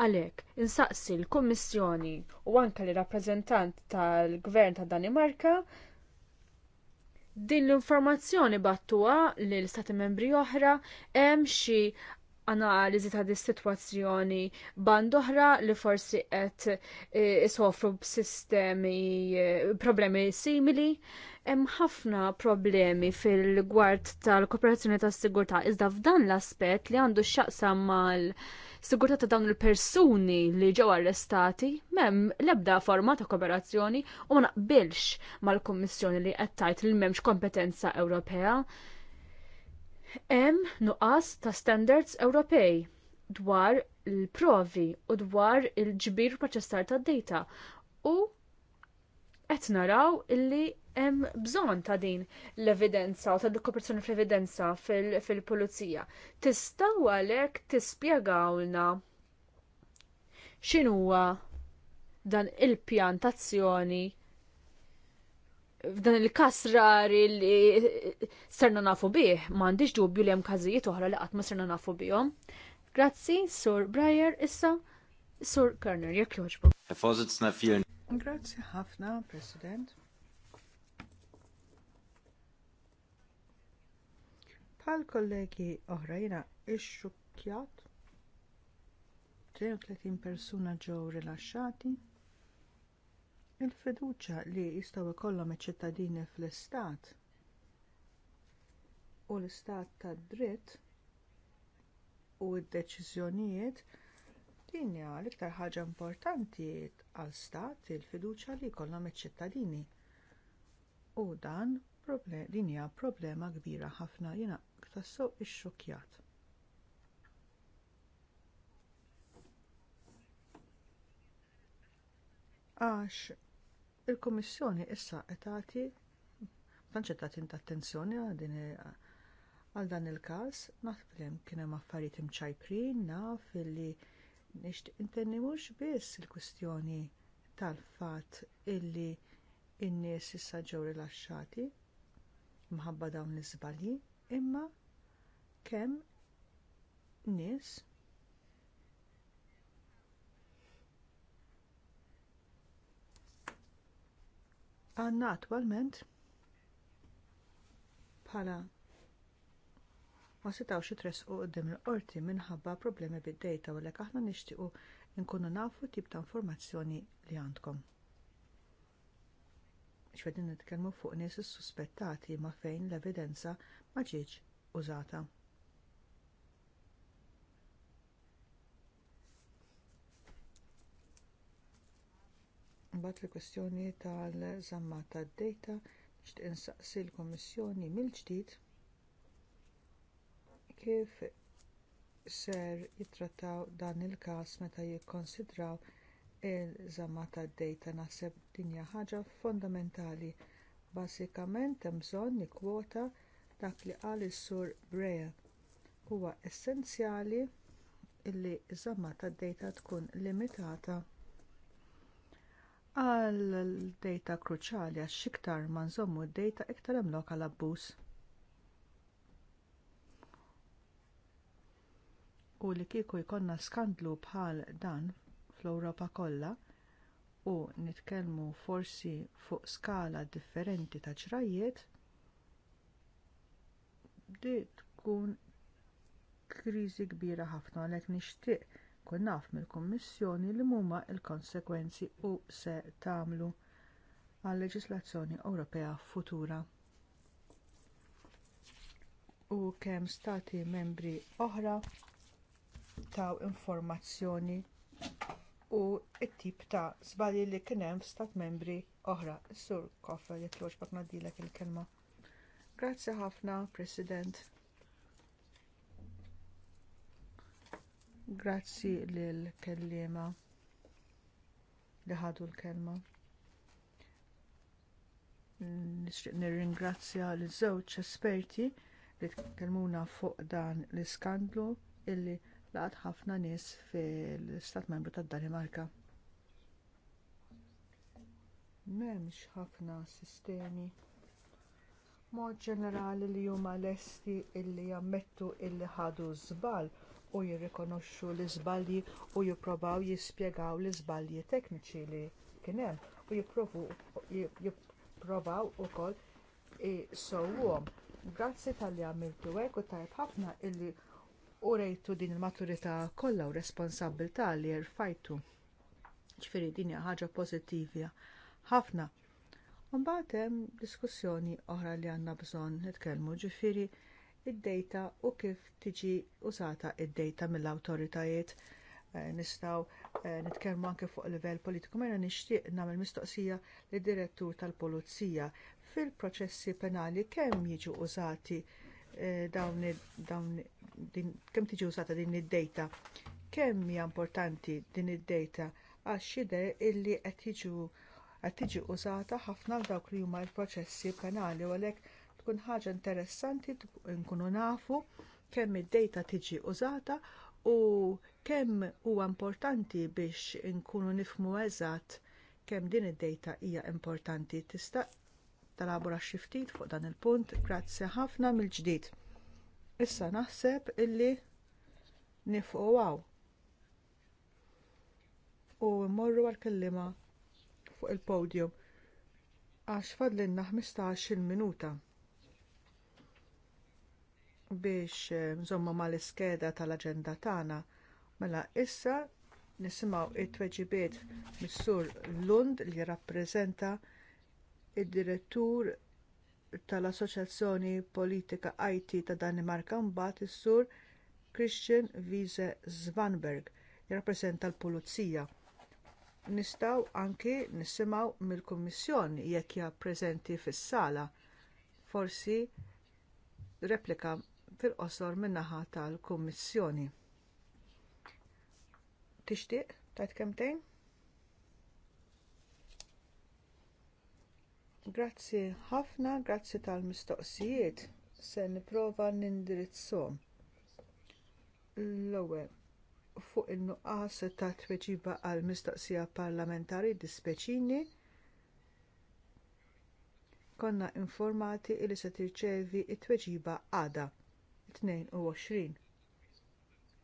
Għalhekk insaqsi l-Kummissjoni u anke li rappreżentant tal-Gvern ta' Danimarka din l-informazzjoni battuha lil stati membri oħra hemm xi analiżi ta' dis sitwazzjoni band oħra li forsi qed e, isofru b'sistemi e, problemi simili hemm ħafna problemi fil-gwart tal-kooperazzjoni tas-sigurtà iżda f'dan l-aspett li għandu x'jaqsam mal sigurtà ta' dawn il-persuni li ġew arrestati m'hemm l-ebda forma ta' kooperazzjoni u ma naqbilx mal-Kummissjoni li qed tgħid li m'hemmx kompetenza Ewropea Hemm nuqqas ta' standards Ewropej dwar il-provi u dwar il-ġbir proċessar tad data u qed naraw illi hemm bżonn ta' din l-evidenza u ta' l fl-evidenza fil-pulizija. Tistgħu għalhekk tispjegawlna x'inhuwa dan il-pjantazzjoni f'dan il-kasrar li serna nafu bih, m'għandix dubju li hemm każijiet oħra li qatt ma serna nafu bihom. Grazzi, Sur Breyer, issa Sur Kerner, jekk joġbu. Grazzi ħafna, President. Bħal kollegi oħra jina ix-xukjat 33 persuna ġew rilaxxati Il-fiduċja li jistgħu jkollhom iċ-ċittadini fl-istat u l-istat tad dritt u d-deċiżjonijiet din hija l-iktar ħaġa importanti għall stat il-fiduċja li jkollhom iċ-ċittadini. U dan din hija problema kbira ħafna jiena tassew ix-xokjat għax il kummissjoni issa qed tagħti tantx tagħti attenzjoni għal għal dan il-każ naħseb li hemm kien hemm affarijiet imċajprin naf li nixtieq intenni mhux biss il-kwistjoni tal-fatt illi n-nies issa ġew rilaxxati minħabba dawn l-iżbalji imma kemm nies għanna attualment bħala ma setawx itresqu qudiem il-qorti minħabba problemi bid-dejta u lek aħna nixtiequ nkunu nafu tip ta' informazzjoni li għandkom. Xvedin nitkellmu fuq nies is-suspettati ma' fejn l-evidenza ma ġietx użata. mbagħad fil-kwestjoni tal-żamma tad-dejta nixtieq insaqsi l-Kummissjoni mill-ġdid kif ser jittrattaw dan il-każ meta jikkonsidraw il-żamma tad-dejta naħseb din hija ħaġa fondamentali. Bażikament hemm bżonn nikkwota dak li qal is-sur Brea. Huwa essenzjali illi ż-żamma tad-dejta tkun limitata għal data kruċali għax xiktar ma nżommu d-data iktar hemm lokal abbuż. U li kieku jkollna skandlu bħal dan fl-Ewropa kollha u nitkellmu forsi fuq skala differenti ta' ġrajiet, di tkun kriżi kbira ħafna għalhekk nixtieq kun naf mill-Kummissjoni li huma l-konsegwenzi u se tagħmlu għal leġislazzjoni Ewropea futura. U kemm stati membri oħra taw informazzjoni u t tip ta' żbalji li kien hemm stat membri oħra. Sur kofra jekk jogħġbok ngħaddilek il-kelma. Grazzi ħafna, President. Grazzi lill kelliema li ħadu l-kelma. Nirringrazzja liż żewġ esperti li tkellmuna fuq dan l-iskandlu illi laqat ħafna nies fil-Stat Membru tad-Danimarka. M'hemmx ħafna sistemi mod ġenerali li huma lesti illi jammettu illi ħadu żball u jirrikonoxxu l-iżbalji u jippruvaw jispjegaw l-iżbalji tekniċi li kien hemm u jippruvaw ukoll sowhom Grazzi talli għamiltu hekk u tajb ħafna illi u rejtu din il-maturità kollha u responsabbiltà li rfajtu. Ġifieri din hija ħaġa pożittiva ħafna. Mbagħad hemm diskussjoni oħra li għandna bżonn nitkellmu ġifieri id-data u kif tiġi użata id-data mill-awtoritajiet. Eh, Nistgħu eh, nitkellmu anke fuq livell politiku mela nixtieq nagħmel mistoqsija lid direttur tal-Pulizija fil-proċessi penali kemm jiġu użati eh, dawn kemm tiġi użata din id-data kemm hija importanti din id-data għax xider illi qed tiġi użata ħafna dawk li huma l-proċessi penali u għalhekk tkun ħaġa interessanti nkunu nafu kemm id-data tiġi użata u kemm huwa importanti biex inkunu nifhmu eżatt kemm din id-data hija importanti tista' talabora xi ftit fuq dan il-punt, grazzi ħafna mill-ġdid. Issa naħseb illi nifqgħu u mmorru għall kelliema fuq il-podium għax fadlinna 15-il minuta biex eh, nżommu mal-iskeda tal-aġenda tagħna. Mela issa nisimgħu it-tweġibiet mis-sur Lund li rappreżenta id-direttur tal-Assoċjazzjoni Politika IT ta' Danimarka mbagħad is-sur Christian Wiese Zvanberg li rappreżenta l-Pulizija. Nistgħu anki nisimgħu mill-Kummissjoni jekk hija preżenti fis-sala. Forsi replika fil-qosor min-naħa tal-Kummissjoni. Tixtieq tajt kemtejn? Grazzi ħafna, grazzi tal-mistoqsijiet. Se nipprova nindirizzhom. L-ewwel fuq in-nuqqas ta' tweġiba għall mistoqsija parlamentari dispeċini konna informati li se tirċevi t tweġiba għada. 22.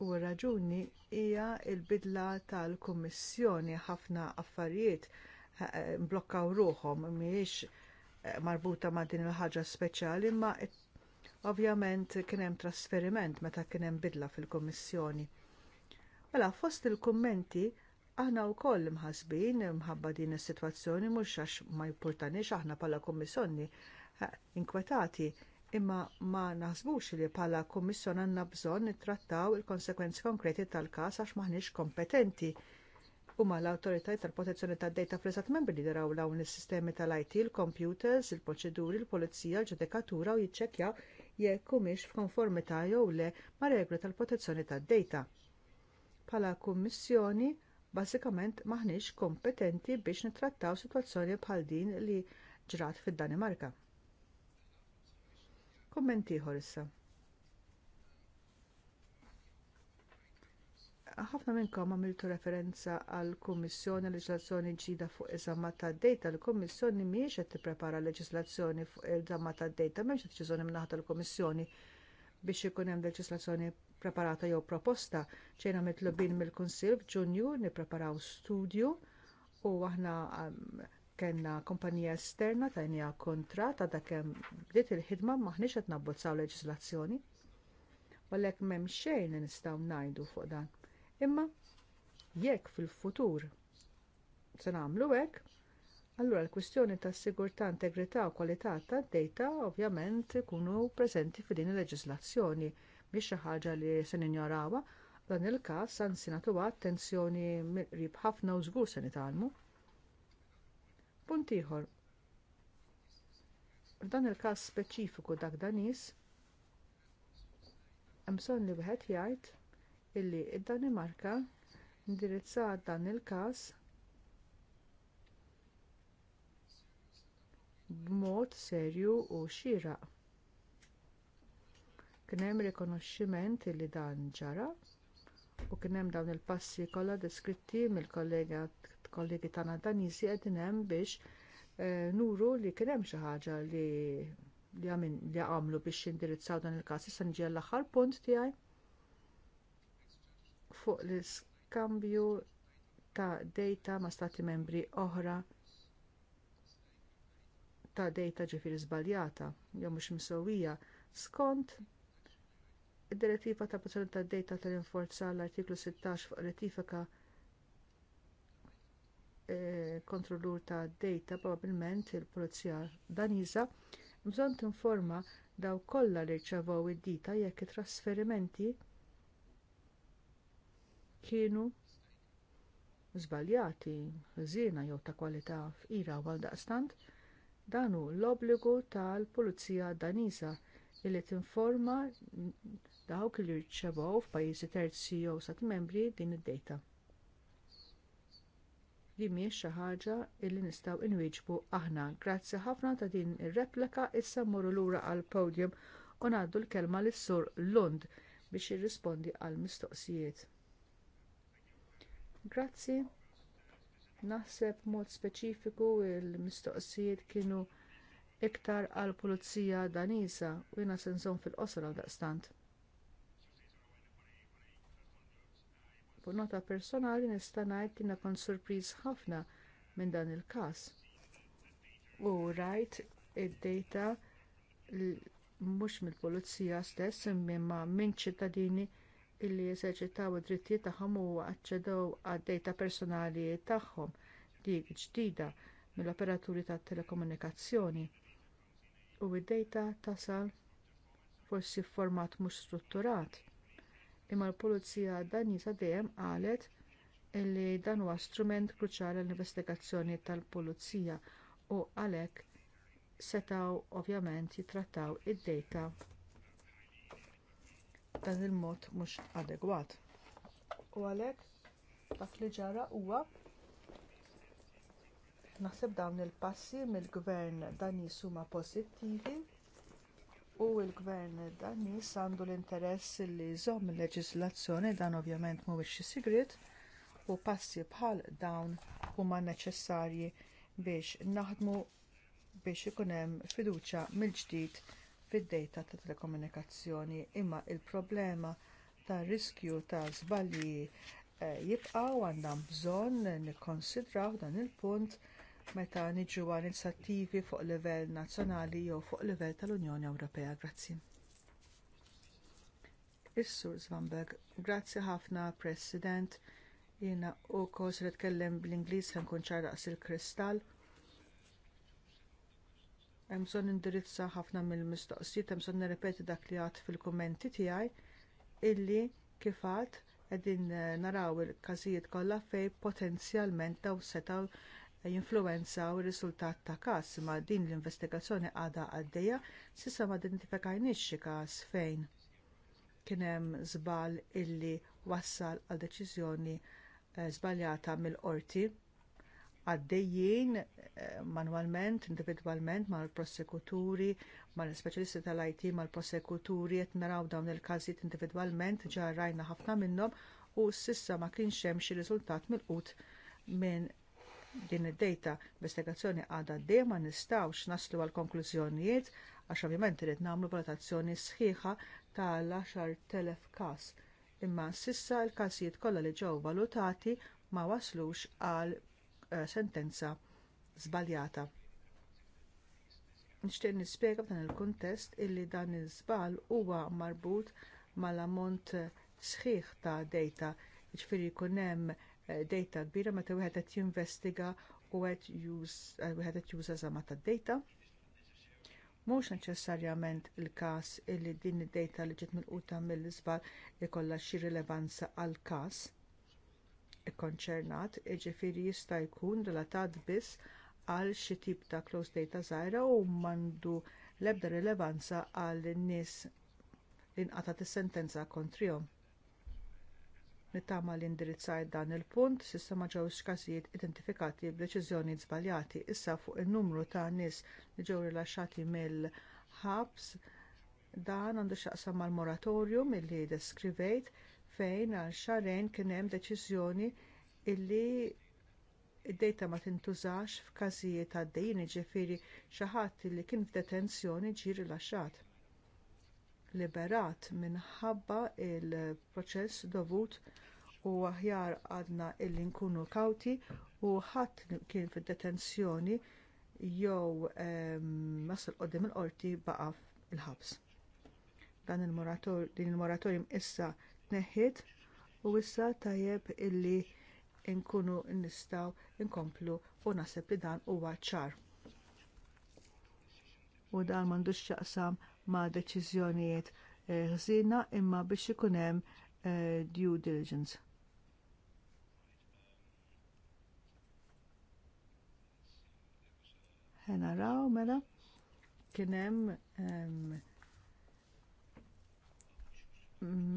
U r raġuni hija l bidla tal-Kummissjoni ħafna affarijiet eh, eh, mblokkaw ruhom mhijiex eh, marbuta ma' din il-ħaġa speċjali imma ovvjament kien hemm trasferiment meta kien hemm bidla fil-Kummissjoni. Mela fost il-kummenti aħna wkoll imħasbin minħabba din is-sitwazzjoni mhux għax ma jippurtanix aħna bħala kummissjoni inkwetati imma ma naħsbux li bħala Kummissjon għandna bżonn nittrattaw il-konsekwenzi konkreti tal-każ għax maħniex kompetenti u ma l-autoritajiet tal-protezzjoni tad-dejta fl-istat membri li diraw lawn is-sistemi tal-IT, il-computers, il-proċeduri, il-pulizija, l-ġudikatura u jiċċekkjaw jekk humiex f'konformità jew le mar regoli tal-protezzjoni tad-dejta. Bħala Kummissjoni, bażikament maħniex kompetenti biex nittrattaw sitwazzjoni bħal din li ġrat fid-Danimarka. Kommenti issa. ħafna minnkom għamiltu referenza għal kummissjoni leġislazzjoni ġdida fuq iż-żamma tad-dejta. Il-Kummissjoni mhijiex qed tipprepara leġislazzjoni fuq iż-żamma tad-dejta, m'hemmx deċiżjoni mingħata tal kummissjoni biex ikun hemm leġislazzjoni preparata jew proposta. Ċejna mitlubin mill-Kunsill f'Ġunju nippreparaw studju u aħna um, kellna kompanija esterna tajnija kontra ta' dakem bdiet il-ħidma maħniex qed nabbozzaw leġiżlazzjoni. Għalhekk m'hemm xejn li nistgħu ngħidu fuq dan. Imma jekk fil-futur se nagħmlu hekk, allura l-kwistjoni tas sigurtà, integrità u kwalità tad-dejta ovvjament ikunu preżenti f'din il-leġiżlazzjoni biex xi ħaġa li se ninjorawha, dan il-każ san sinatu attenzjoni mill-qrib ħafna u żgur se nitalmu. Punt ieħor. F'dan il-każ speċifiku dak danis, hemm bżonn li wieħed jgħid illi d danimarka indirizzat dan il-każ b'mod serju u xieraq. Kien hemm rikonoxximent li dan ġara u kien hemm dawn il-passi kollha deskritti mill-kollega kollegi tagħna dan qegħdin hemm biex eh, nuru li kien hemm xi ħaġa li li għamin li għamlu biex jindirizzaw dan il-każ. Issa nġi l-aħħar punt tiegħi fuq l-iskambju ta' dejta ma' stati membri oħra ta' dejta ġifiri żbaljata jew mhux msewwija skont id-direttiva ta' protezzjoni tad dejta tal-inforza l-artiklu 16 fuq ratifika kontrollur ta' data probabbilment il-Polizija Daniża bżonn tinforma dawk kollha li rċevew id-dita jekk it-trasferimenti kienu żbaljati, ħżiena jew ta' kwalità f'ira għal daqstant, dan hu l-obbligu tal-Pulizija Daniża li tinforma dawk li rċevew f'pajjiżi terzi jew sat membri din id-dejta li mhijiex xi ħaġa li nistgħu inwieġbu aħna. Grazzi ħafna ta' din ir-replika issa mmorru lura għall podium u ngħaddu l-kelma lis sur Lund biex jirrispondi għall mistoqsijiet. Grazzi. Naħseb mod speċifiku l mistoqsijiet kienu iktar għall pulizija Danisa u jiena se nżomm fil-qosra daqstant. U nota personali nista' ngħid li kon surpriż ħafna minn dan il-każ. U rajt id-dejta mhux mill-pulizija stess imma minn ċittadini illi jeżerċitaw id-drittijiet tagħhom u aċċedew għad-dejta personali tagħhom dik ġdida mill-operaturi tat telekomunikazzjoni. U id-dejta tasal forsi f'format mhux strutturat imma l-Pulizija Daniża dejjem qalet li dan huwa strument kruċjali għall-investigazzjoni tal-Pulizija u għalhekk setgħu ovvjament jitrattaw id-dejta dan il-mod mhux adegwat. U għalhekk dak li ġara huwa naħseb dawn il-passi mill-gvern dan jisuma pożittivi u l-gvern Danis għandu l-interess li jżomm il-leġislazzjoni dan ovvjament mhuwiex xi sigrit u passi bħal dawn huma neċessarji biex naħdmu biex ikun hemm fiduċja mill-ġdid fid-dejta ta' telekomunikazzjoni imma l problema tar riskju ta' żbalji eh, jibqa' u għandna bżonn nikkonsidraw dan il-punt meta niġu għal inizjattivi fuq livell nazzjonali jew fuq livell tal-Unjoni Ewropea. Grazzi. is Zvanberg, grazzi ħafna President. Jiena u kos li tkellem bl-Ingliż se nkun daqs il-kristall. Hemm bżonn indirizza ħafna mill-mistoqsijiet, hemm bżonn nirrepeti dak li għad fil-kummenti tiegħi illi kif għad qegħdin eh, naraw il-każijiet kollha fejn potenzjalment daw setgħu jinfluwenzaw ir-riżultat ta' każ imma din l-investigazzjoni għadha għaddejja s'issa ma identifikajniex xi każ fejn kien hemm żball illi wassal għal deċiżjoni eh, żbaljata mill-qorti għaddejjin eh, manwalment, individwalment mal-prosekuturi, mal-speċjalisti tal-IT, mal-prosekuturi, qed naraw dawn il każijiet individwalment ġarrajna ħafna minnhom u s'issa ma kienx hemm xi riżultat mill minn din id-dejta investigazzjoni għadha dejjem ma nistgħux naslu għal konklużjonijiet għax ovvjament irid nagħmlu valutazzjoni sħiħa tal-10,000 każ. Imma sissa l-każijiet kollha li ġew valutati ma waslux għal eh, sentenza żbaljata. Nixtieq nispjega f'dan il-kuntest illi dan iż żbal huwa marbut mal-ammont sħiħ ta' dejta, jiġifieri jkun hemm Eh, data kbira meta wieħed qed jinvestiga u qed eh, wieħed qed juża żama tad-data. Mhux neċessarjament il-każ illi din id-data li ġiet milquta mill-iżbar ikollha xi rilevanza għal każ ikkonċernat, jiġifieri jista' jkun relatat biss għal xi tip ta' closed data żgħira u m'għandu l-ebda rilevanza għal nies li nqatat is-sentenza kontrihom. Nittama li indirizzajt dan il-punt sistema ġew każijiet identifikati b'deċiżjoni żbaljati issa fuq in numru ta' nies li ġew rilaxxati mill-ħabs dan għandu x'jaqsam mal-moratorium illi deskrivejt fejn għal xarejn kien hemm deċiżjoni illi id-dejta ma tintużax f'każijiet għaddejjin jiġifieri xi ħadd li kien f'detenzjoni ġie rilaxxat liberat minħabba l proċess dovut u aħjar għadna illi nkunu kawti u ħadd kien fid-detenzjoni jew masal ehm, qoddim il-qorti baqa' il-ħabs. Dan il-moratorium din il-moratorium issa tneħħiet u issa tajjeb illi nkunu nistgħu nkomplu u naħseb li dan huwa ċar. U dan m'għandux x'jaqsam ma' deċiżjonijiet eh, ħżina imma biex ikun hemm eh, due diligence. Ħena raw mela kien hemm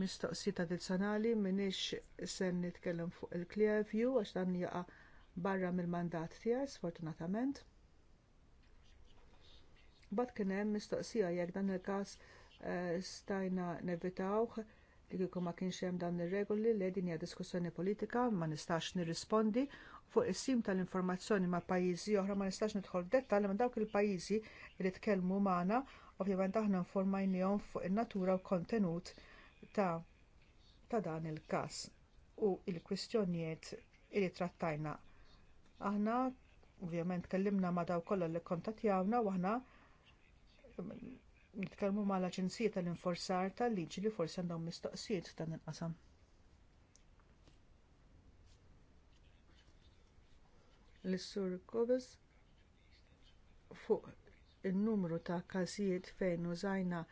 mistoqsijiet addizzjonali minix se nitkellem fuq il-clear view għax dan jaqa' barra mill-mandat tiegħi sfortunatament. Mbagħad kien hemm mistoqsija jekk dan il-każ eh, stajna nevitawh kieku ma kienx hemm dan ir-regoli li din hija diskussjoni politika ma nistax nirrispondi fuq is-sim tal-informazzjoni ma' pajjiżi oħra ma nistax nidħol f'dettall ma' dawk il-pajjiżi li tkellmu magħna ovvjament aħna informajnihom fuq in-natura u kontenut ta' ta' dan il-każ u l il kwistjonijiet li trattajna. Aħna ovvjament kellimna ma' daw kollha li kontattjawna u aħna nitkellmu mal aġenzija tal inforsar tal-liġi li forsi għandhom mistoqsijiet f'dan il-qasam. L-Sur Gobes fuq in numru ta' każijiet fejn użajna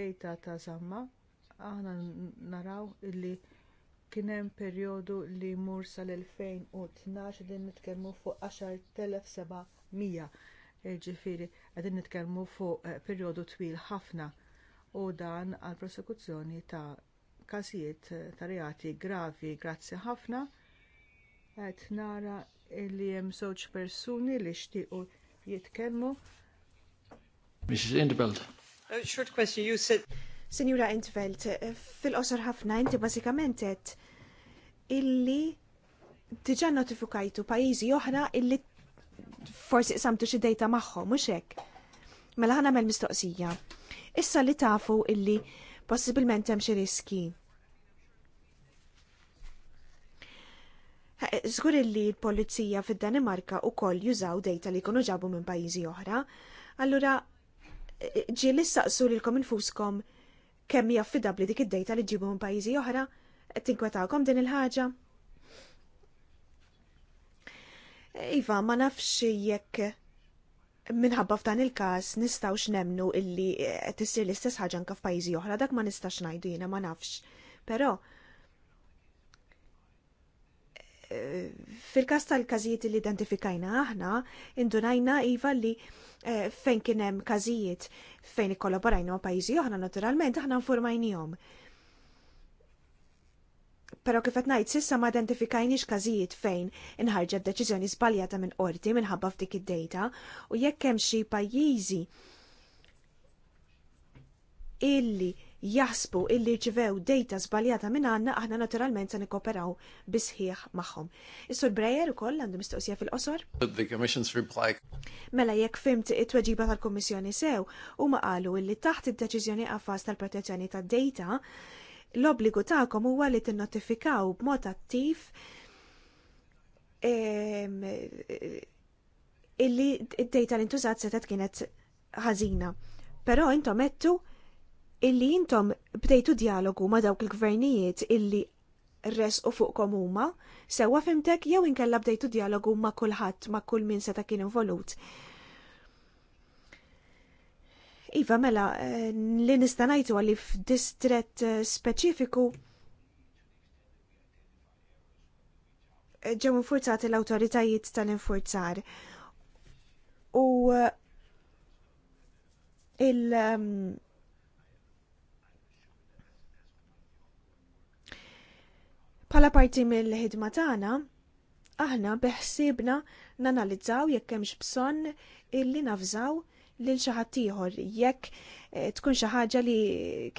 dejta ta' żamma, aħna naraw li kien hemm perjodu li jmur sal-2012 din nitkellmu fuq 10,700 ġifiri qegħdin nitkellmu fuq eh, perjodu twil ħafna u dan għall prosekuzzjoni ta' każijiet eh, ta' reati gravi grazzi ħafna qed nara li hemm żewġ persuni li xtiequ jitkellmu. Mrs. Indebelt. short question, you said... fil-qosor ħafna inti bażikament illi diġà notifikajtu pajjiżi oħra illi forsi qsamtu xi dejta magħhom mhux hekk. Mela ħana mel mistoqsija. Issa li tafu illi possibilment hemm xi riski. Żgur illi l-Polizija fid-Danimarka wkoll jużaw dejta li jkunu ġabu minn pajjiżi oħra, allura ġi li saqsu lilkom infuskom kemm jaffidabli dik id-dejta li ġibu minn pajjiżi oħra, tinkwetawkom din il-ħaġa? Iva, ma nafx jekk minħabba f'dan il-każ nistgħux nemnu illi qed issir l-istess ħaġa anke f'pajjiżi oħra, dak ma nistax ngħidu jiena ma nafx. Però eh, fil-każ tal-każijiet li identifikajna aħna, indunajna iva li eh, fejn kien hemm każijiet fejn ikkollaborajna ma' pajjiżi oħra naturalment aħna nfurmajnihom. Pero kif qed ngħid sissa ma identifikajniex każijiet fejn inħarġet deċiżjoni żbaljata minn qorti minħabba f'dik id-dejta u jekk hemm xi pajjiżi illi jaħsbu illi rċivew dejta żbaljata minn għandna aħna naturalment se nikkoperaw bisħieħ magħhom. Is-Sur Brejer ukoll għandu mistoqsija fil-qosor. Mela jekk fimt it-tweġiba tal-Kummissjoni sew huma qalu illi taħt id-deċiżjoni qafas tal-protezzjoni tad-dejta l-obbligu tagħkom huwa li tinnotifikaw b'mod attiv illi id-data li ntużat setet kienet ħażina. Però intom għettu illi intom bdejtu dialogu ma dawk il-gvernijiet illi res u fuqkom huma, sewa fimtek jew inkella bdejtu dialogu ma' kulħadd ma' kull min seta' kien involut. Iva, mela, eh, li nistanajtu għalli f'distret eh, speċifiku eh, ġew infurzati l-autoritajiet tal-infurzar. U il- ehm, Pala parti mill-ħidma tagħna, aħna beħsibna nanalizzaw jekk hemmx bżonn illi nafżaw lil xi ħadd ieħor jekk eh, tkun xi ħaġa li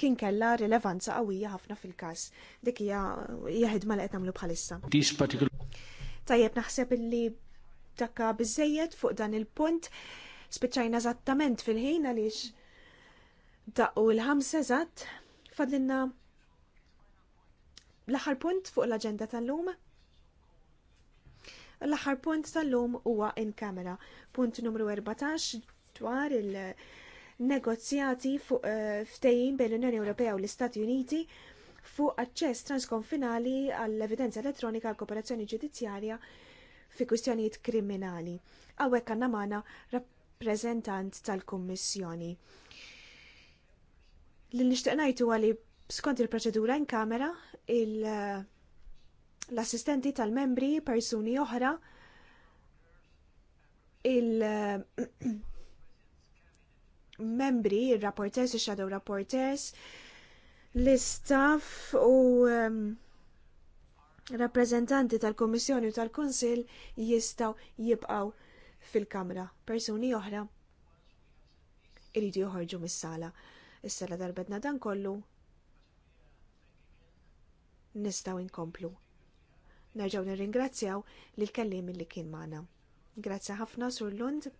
kien kellha rilevanza qawwija ħafna fil-każ. Dik hija hija ħidma li qed nagħmlu bħalissa. Tajjeb naħseb illi takka biżejjed fuq dan il-punt spiċċajna eżattament fil-ħin għaliex daqqu l-ħamsa eżatt fadlinna l-aħħar punt fuq l-aġenda tal-lum l-aħħar punt tal-lum huwa in kamera. Punt numru 14 dwar il-negozjati fuq eh, ftejjin bejn l-Unjoni Ewropea u l-Istati Uniti fuq aċċess transkonfinali għall-evidenza elettronika għall kooperazzjoni ġudizzjarja fi kwistjonijiet kriminali. Għawek għanna maħna rappresentant tal-Kommissjoni. L-nishtiqnajtu għali skont il-proċedura in kamera l-assistenti tal-membri, persuni oħra, il- membri, il-rapporters, il-shadow rapporters, l-istaff u um, rappresentanti tal-Komissjoni u tal-Konsil jistaw jibqaw fil-Kamra. Persuni oħra iridu joħorġu mis-sala. Is-sala darbetna dan kollu nistaw inkomplu. Nerġaw nirringrazzjaw lil kellim li kien magħna. Grazzi ħafna sur Lund